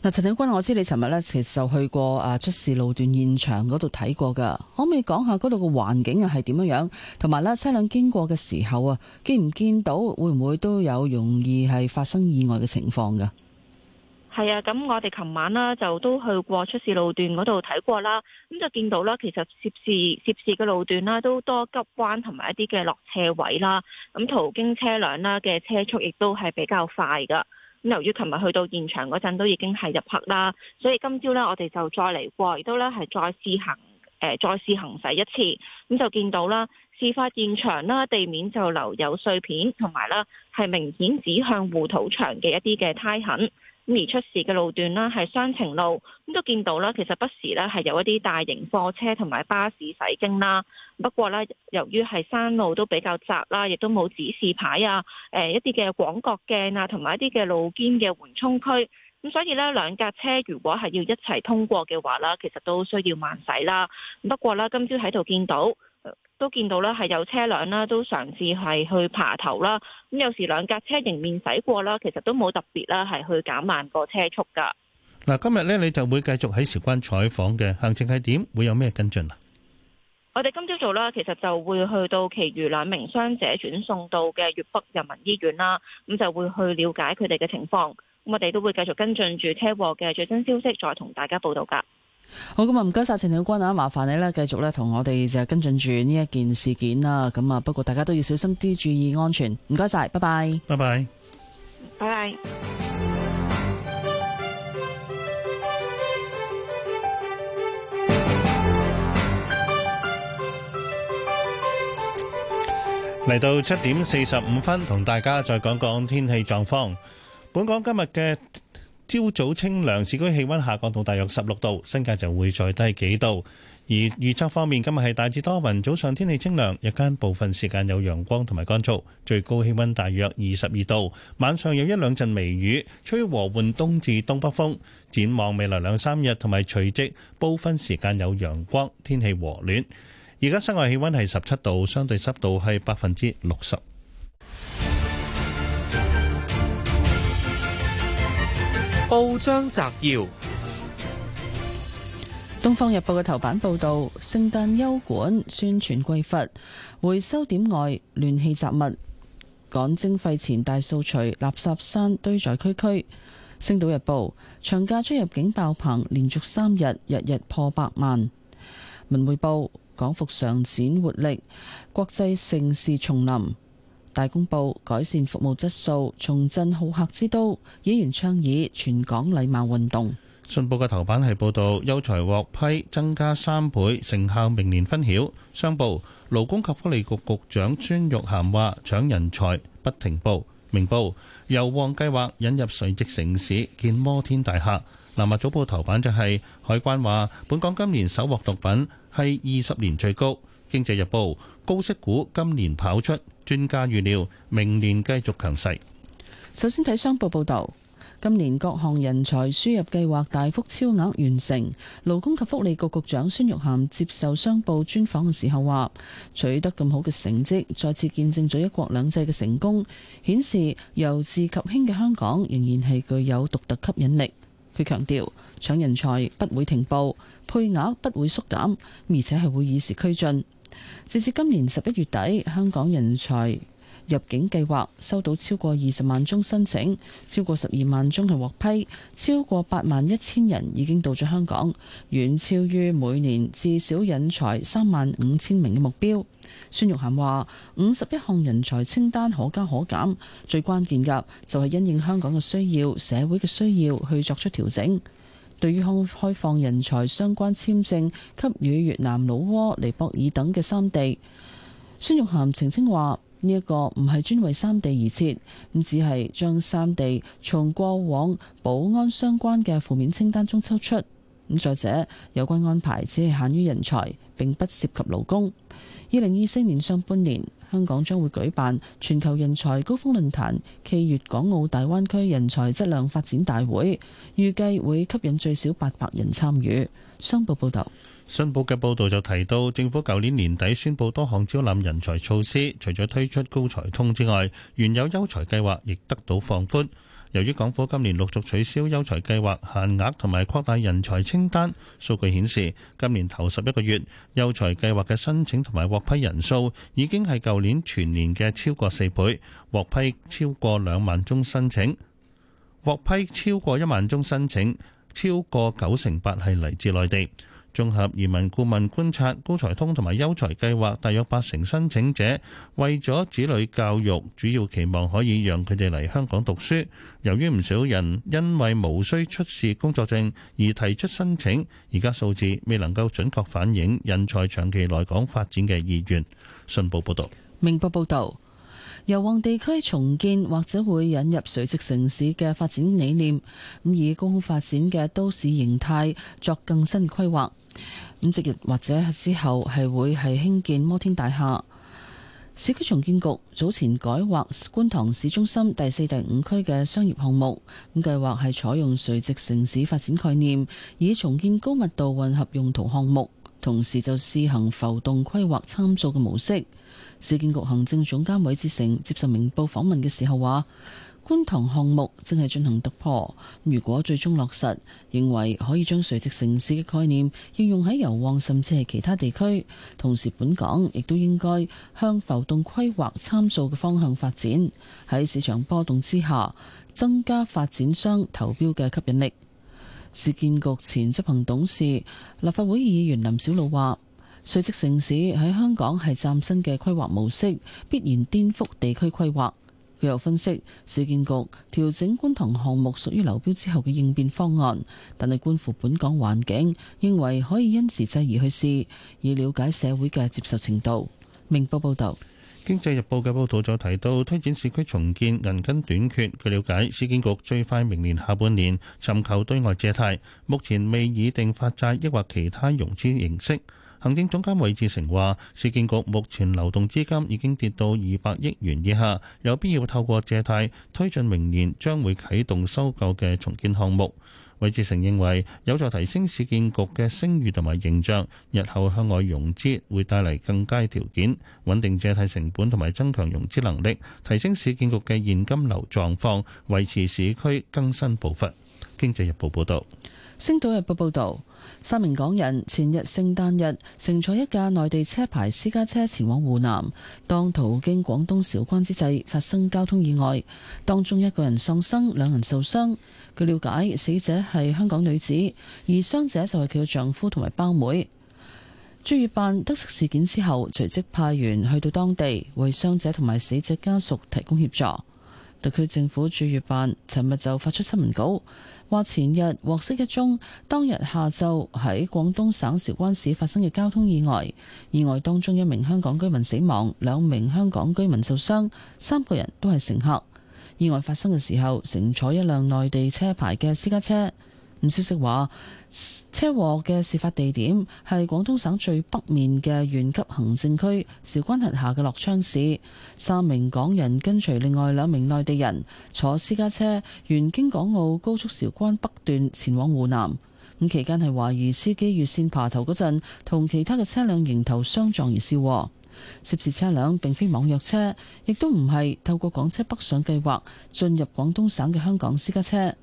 嗱，陳曉君，我知你尋日咧其實就去過啊出事路段現場嗰度睇過噶，可唔可以講下嗰度嘅環境啊係點樣樣，同埋咧車輛經過嘅時候啊，見唔見到會唔會都有容易係發生意外嘅情況噶？係啊，咁我哋琴晚啦就都去過出事路段嗰度睇過啦，咁就見到啦，其實涉事涉事嘅路段啦都多急彎同埋一啲嘅落斜位啦，咁途經車輛啦嘅車速亦都係比較快噶。由於琴日去到現場嗰陣都已經係入黑啦，所以今朝咧我哋就再嚟過，亦都咧係再試行誒、呃、再試行駛一次，咁就見到啦。事發現場啦，地面就留有碎片，同埋咧係明顯指向護土牆嘅一啲嘅胎痕。而出事嘅路段呢，係雙程路，咁都見到啦。其實不時呢，係有一啲大型貨車同埋巴士駛經啦。不過呢，由於係山路都比較窄啦，亦都冇指示牌啊、誒一啲嘅廣角鏡啊，同埋一啲嘅路肩嘅緩衝區，咁所以呢，兩架車如果係要一齊通過嘅話啦，其實都需要慢駛啦。不過呢，今朝喺度見到。都見到啦，係有車輛啦，都嘗試係去爬頭啦。咁有時兩架車迎面駛過啦，其實都冇特別啦，係去減慢個車速㗎。嗱，今日呢，你就會繼續喺韶關採訪嘅，行程係點？會有咩跟進啊？ 我哋今朝早啦，其實就會去到其餘兩名傷者轉送到嘅粵北人民醫院啦，咁就會去了解佢哋嘅情況。咁我哋都會繼續跟進住車禍嘅最新消息，再同大家報道㗎。好咁啊，唔該晒陳曉君啊，麻煩你咧繼續咧同我哋就係跟進住呢一件事件啦。咁啊，不過大家都要小心啲，注意安全。唔該晒，拜拜，bye bye 拜拜，拜拜。嚟 到七點四十五分，同大家再講講天氣狀況。本港今日嘅。朝早清涼，市區氣温下降到大約十六度，新界就會再低幾度。而預測方面，今日係大致多雲，早上天氣清涼，日間部分時間有陽光同埋乾燥，最高氣温大約二十二度。晚上有一兩陣微雨，吹和緩東至東北風。展望未來兩三日，同埋隨即，部分時間有陽光，天氣和暖。而家室外氣温係十七度，相對濕度係百分之六十。報章摘要：《東方日報》嘅頭版報道，聖誕休館宣傳匱乏，回收點外亂棄雜物，趕徵費前大掃除，垃圾山堆在區區。《星島日報》長假出入境爆棚，連續三日日日破百萬。《文匯報》港復甦展活力，國際盛事重臨。大公報改善服務質素，重振好客之都。議員倡議全港禮貌運動。信報嘅頭版係報道優才獲批增加三倍，成效明年分曉。商報勞工及福利局局，局長孫玉涵話：搶人才不停步。明報油旺計劃引入垂直城市，建摩天大廈。南華早報頭版就係、是、海關話，本港今年首獲毒品係二十年最高。經濟日報高息股今年跑出。專家預料明年繼續強勢。首先睇商報報導，今年各項人才輸入計劃大幅超額完成。勞工及福利局局，局長孫玉菡接受商報專訪嘅時候話：取得咁好嘅成績，再次見證咗一國兩制嘅成功，顯示由治及興嘅香港仍然係具有獨特吸引力。佢強調搶人才不會停步，配額不會縮減，而且係會與時俱進。直至今年十一月底，香港人才入境計劃收到超過二十萬宗申請，超過十二萬宗係獲批，超過八萬一千人已經到咗香港，遠超於每年至少引才三萬五千名嘅目標。孫玉菡話：五十一項人才清單可加可減，最關鍵嘅就係因應香港嘅需要、社會嘅需要去作出調整。對於開放人才相關簽證給予越南、老撾、尼泊爾等嘅三地，孫玉菡澄清話：呢一個唔係專為三地而設，咁只係將三地從過往保安相關嘅負面清單中抽出。再者，有關安排只係限於人才，並不涉及勞工。二零二四年上半年，香港將會舉辦全球人才高峰論壇暨粵港澳大灣區人才質量發展大會，預計會吸引最少八百人參與。商報報導，新報嘅報導就提到，政府舊年年底宣布多項招攬人才措施，除咗推出高才通之外，原有優才計劃亦得到放寬。由於港府今年陸續取消優才計劃限額同埋擴大人才清單，數據顯示今年頭十一個月優才計劃嘅申請同埋獲批人數已經係舊年全年嘅超過四倍，獲批超過兩萬宗申請，獲批超過一萬宗申請，超過九成八係嚟自內地。綜合移民顧問觀察，高才通同埋優才計劃，大約八成申請者為咗子女教育，主要期望可以讓佢哋嚟香港讀書。由於唔少人因為無需出示工作證而提出申請，而家數字未能夠準確反映人才長期來港發展嘅意願。信報報道。明報報道，油旺地區重建或者會引入垂直城市嘅發展理念，咁以高空發展嘅都市形態作更新規劃。咁即日或者之後係會係興建摩天大廈。市區重建局早前改劃觀塘市中心第四、第五區嘅商業項目，咁計劃係採用垂直城市發展概念，以重建高密度混合用途項目，同時就試行浮動規劃參數嘅模式。市建局行政總監韋志成接受明報訪問嘅時候話。觀塘項目正係進行突破，如果最終落實，認為可以將垂直城市嘅概念應用喺油旺，甚至係其他地區。同時，本港亦都應該向浮動規劃參數嘅方向發展，喺市場波動之下，增加發展商投標嘅吸引力。市建局前執行董事、立法會議員林筱魯話：垂直城市喺香港係嶄新嘅規劃模式，必然顛覆地區規劃。佢又分析，市建局調整觀塘項目屬於流標之後嘅應變方案，但係關乎本港環境，認為可以因時制宜去試，以了解社會嘅接受程度。明報報道，經濟日報嘅報道就提到推展市區重建銀根短缺。據了解，市建局最快明年下半年尋求對外借貸，目前未擬定發債，抑或其他融資形式。行政總監韋志成話，市建局目前流動資金已經跌到二百億元以下，有必要透過借貸推進明年將會啟動收購嘅重建項目。韋志成認為有助提升市建局嘅聲譽同埋形象，日後向外融資會帶嚟更佳條件，穩定借貸成本，同埋增強融資能力，提升市建局嘅現金流狀況，維持市區更新步伐。經濟日報報道，星島日報報道。三名港人前日聖誕日乘坐一架內地車牌私家車前往湖南，當途經廣東韶關之際發生交通意外，當中一個人喪生，兩人受傷。據了解，死者係香港女子，而傷者就係佢嘅丈夫同埋胞妹。駐粵辦得悉事件之後，隨即派員去到當地為傷者同埋死者家屬提供協助。特區政府駐粵辦尋日就發出新聞稿。話前日獲悉一宗當日下晝喺廣東省韶關市發生嘅交通意外，意外當中一名香港居民死亡，兩名香港居民受傷，三個人都係乘客。意外發生嘅時候，乘坐一輛內地車牌嘅私家車。消息話，車禍嘅事發地點係廣東省最北面嘅縣級行政區韶關轄下嘅樂昌市。三名港人跟隨另外兩名內地人坐私家車，沿京港澳高速韶關北段前往湖南。期間係懷疑司機越線爬頭嗰陣，同其他嘅車輛迎頭相撞而肇禍。涉事車輛並非網約車，亦都唔係透過港車北上計劃進入廣東省嘅香港私家車。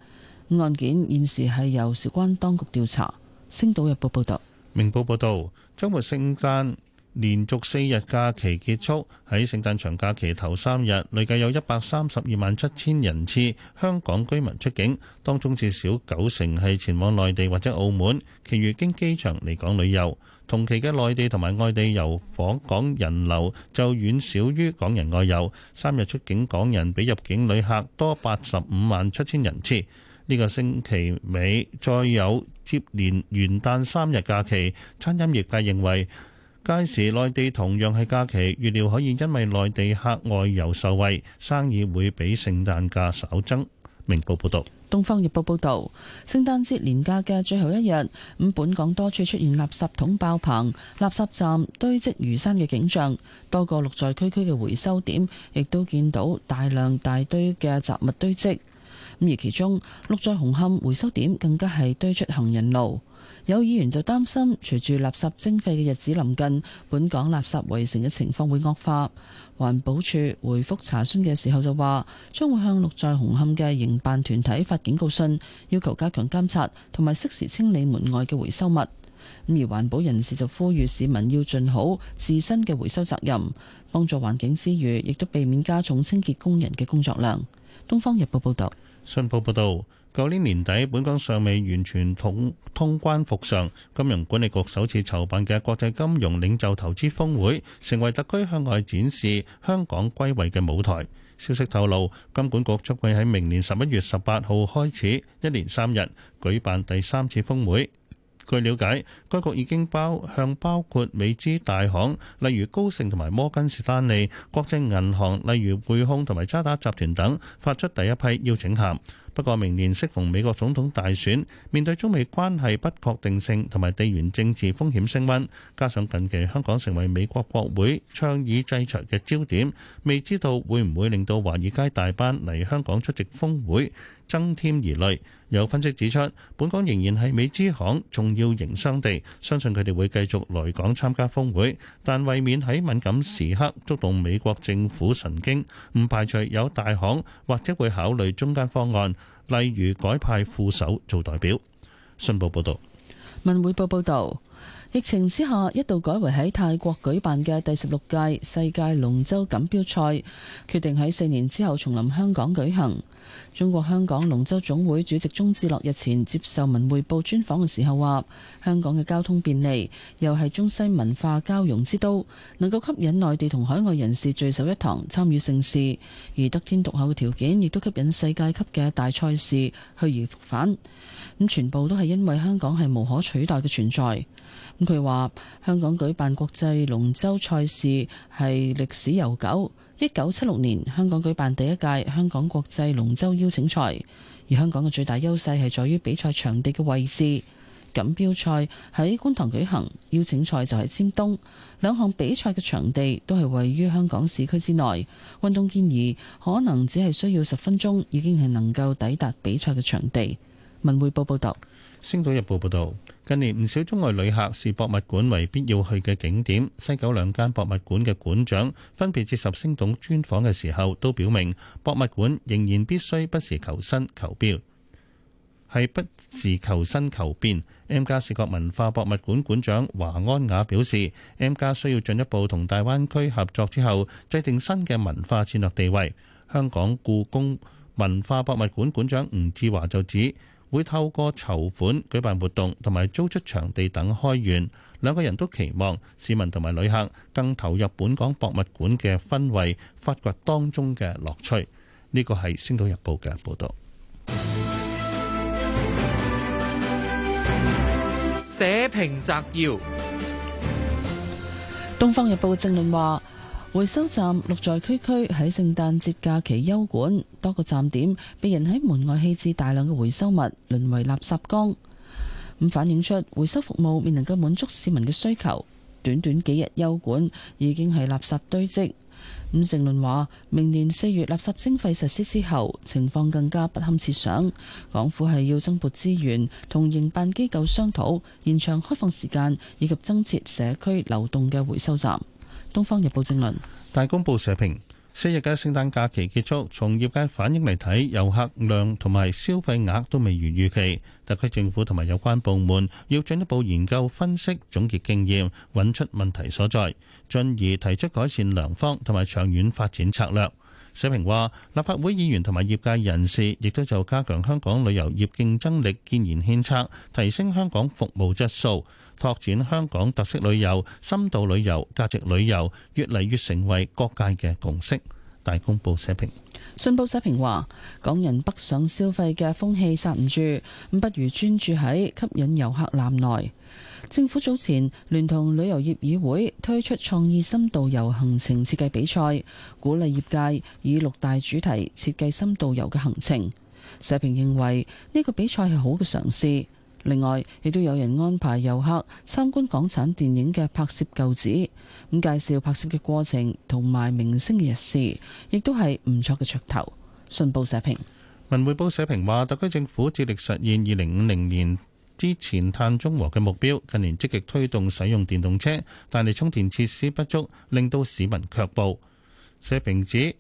案件現時係由韶關當局調查。星島日報報道，明報報道，周末聖誕連續四日假期結束，喺聖誕長假期頭三日累計有一百三十二萬七千人次香港居民出境，當中至少九成係前往內地或者澳門，其餘經機場離港旅遊，同期嘅內地同埋外地遊訪港人流就遠少於港人外遊，三日出境港人比入境旅客多八十五萬七千人次。呢個星期尾再有接連元旦三日假期，餐飲業界認為屆時內地同樣係假期，預料可以因為內地客外遊受惠，生意會比聖誕假稍增。明報報道。東方日報報道，聖誕節年假嘅最後一日，咁本港多處出現垃圾桶爆棚、垃圾站堆積如山嘅景象，多個綠在區區嘅回收點亦都見到大量大堆嘅雜物堆積。咁而其中，綠在紅磡回收點更加係堆出行人路。有議員就擔心，隨住垃圾徵費嘅日子臨近，本港垃圾圍城嘅情況會惡化。環保署回覆查詢嘅時候就話，將會向綠在紅磡嘅營辦團體發警告信，要求加強監察同埋適時清理門外嘅回收物。咁而環保人士就呼籲市民要盡好自身嘅回收責任，幫助環境之餘，亦都避免加重清潔工人嘅工作量。《東方日報》報道。《信報》報道，舊年年底，本港尚未完全通通關復常，金融管理局首次籌辦嘅國際金融領袖投資峰會，成為特區向外展示香港歸位嘅舞台。消息透露，金管局將會喺明年十一月十八號開始，一連三日舉辦第三次峰會。據了解，該局已經包向包括美資大行，例如高盛同埋摩根士丹利、國際銀行，例如匯控同埋渣打集團等，發出第一批邀請函。不過，明年適逢美國總統大選，面對中美關係不確定性同埋地緣政治風險升溫，加上近期香港成為美國國會倡議制裁嘅焦點，未知道會唔會令到華爾街大班嚟香港出席峰會。增添疑慮，有分析指出，本港仍然係美資行重要營商地，相信佢哋會繼續來港參加峯會。但為免喺敏感時刻觸動美國政府神經，唔排除有大行或者會考慮中間方案，例如改派副手做代表。信報報導，文匯報報導，疫情之下一度改為喺泰國舉辦嘅第十六屆世界龍舟錦標賽，決定喺四年之後重臨香港舉行。中國香港龍舟總會主席鍾志樂日前接受文匯報專訪嘅時候話：香港嘅交通便利，又係中西文化交融之都，能夠吸引內地同海外人士聚首一堂參與盛事，而得天獨厚嘅條件亦都吸引世界級嘅大賽事去而復返。咁全部都係因為香港係無可取代嘅存在。咁佢話香港舉辦國際龍舟賽事係歷史悠久。一九七六年，香港舉辦第一屆香港國際龍舟邀請賽，而香港嘅最大優勢係在於比賽場地嘅位置。錦標賽喺觀塘舉行，邀請賽就喺尖東，兩項比賽嘅場地都係位於香港市區之內。運動建議可能只係需要十分鐘，已經係能夠抵達比賽嘅場地。文匯報報道，星島日報報道。近年唔少中外旅客視博物館為必要去嘅景點，西九兩間博物館嘅館長分別接受星島專訪嘅時候，都表明博物館仍然必須不時求新求標，係不時求新求變。M+ 視覺文化博物館館長華安雅表示，M+ 需要進一步同大灣區合作之後，制定新嘅文化戰略地位。香港故宮文化博物館館長吳志華就指。會透過籌款、舉辦活動同埋租出場地等開源，兩個人都期望市民同埋旅客更投入本港博物館嘅氛圍，發掘當中嘅樂趣。呢個係《星島日報》嘅報道。社評摘要，《東方日報》正論話。回收站綠在區區喺聖誕節假期休館，多個站點被人喺門外棄置大量嘅回收物，淪為垃圾缸。咁反映出回收服務未能夠滿足市民嘅需求。短短幾日休館，已經係垃圾堆積。伍成倫話，明年四月垃圾徵費實施之後，情況更加不堪設想。港府係要增撥資源，同營辦機構商討延長開放時間，以及增設社區流動嘅回收站。《東方日報》正論，大公報社評，四日嘅聖誕假期結束，從業界反應嚟睇，遊客量同埋消費額都未如預期。特區政府同埋有關部門要進一步研究分析總結經驗，揾出問題所在，進而提出改善良方同埋長遠發展策略。社評話，立法會議員同埋業界人士亦都就加強香港旅遊業競爭力建言獻策，提升香港服務質素。拓展香港特色旅遊、深度旅遊、價值旅遊，越嚟越成為各界嘅共識。大公報社評，信報社評話，港人北上消費嘅風氣煞唔住，咁不如專注喺吸引遊客南來。政府早前聯同旅遊業議會推出創意深度遊行程設計比賽，鼓勵業界以六大主題設計深度遊嘅行程。社評認為呢個比賽係好嘅嘗試。另外，亦都有人安排遊客參觀港產電影嘅拍攝舊址，咁介紹拍攝嘅過程同埋明星嘅日事，亦都係唔錯嘅噱頭。信報社評，文匯報社評話，特區政府致力實現二零五零年之前碳中和嘅目標，近年積極推動使用電動車，但係充電設施不足，令到市民卻步。社評指，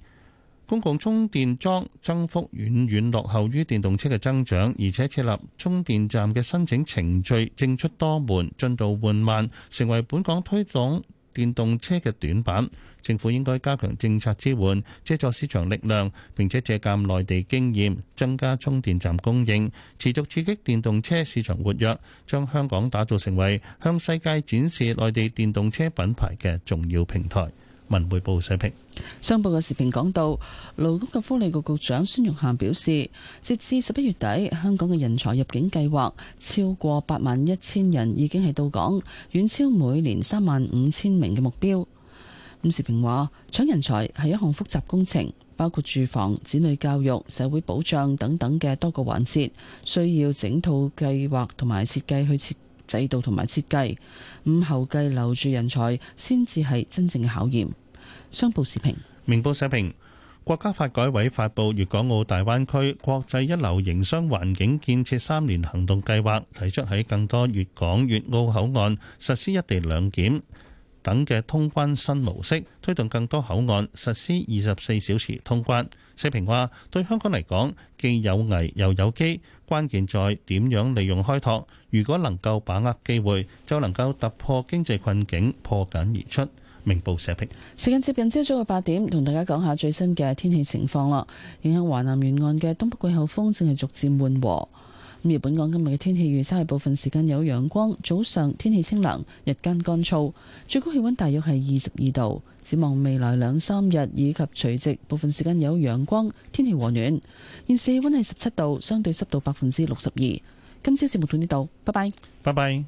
公共充電樁增幅遠遠落後於電動車嘅增長，而且設立充電站嘅申請程序正出多門，進度緩慢，成為本港推廣電動車嘅短板。政府應該加強政策支援，借助市場力量，並且借鑒內地經驗，增加充電站供應，持續刺激電動車市場活躍，將香港打造成為向世界展示內地電動車品牌嘅重要平台。文匯報社評，商報嘅時評講到勞工及福利局局長孫玉菡表示，截至十一月底，香港嘅人才入境計劃超過八萬一千人已經係到港，遠超每年三萬五千名嘅目標。時評話，搶人才係一項複雜工程，包括住房、子女教育、社會保障等等嘅多個環節，需要整套計劃同埋設計去設制度同埋設計。咁後繼留住人才，先至係真正嘅考驗。商報視評，評明報社評，國家發改委發布《粵港澳大灣區國際一流營商環境建設三年行動計劃》，提出喺更多粵港、粵澳口岸實施一地兩檢等嘅通關新模式，推動更多口岸實施二十四小時通關。社評話：對香港嚟講，既有危又有機，關鍵在點樣利用開拓。如果能夠把握機會，就能夠突破經濟困境，破繭而出。明報社評，時間接近朝早嘅八點，同大家講下最新嘅天氣情況啦。影響華南沿岸嘅東北季候風正係逐漸緩和。咁而本港今日嘅天氣預測係部分時間有陽光，早上天氣清涼，日間乾燥，最高氣温大約係二十二度。展望未來兩三日以及除夕，部分時間有陽光，天氣和暖。現時氣温係十七度，相對濕度百分之六十二。今朝節目到呢度，拜拜。拜拜。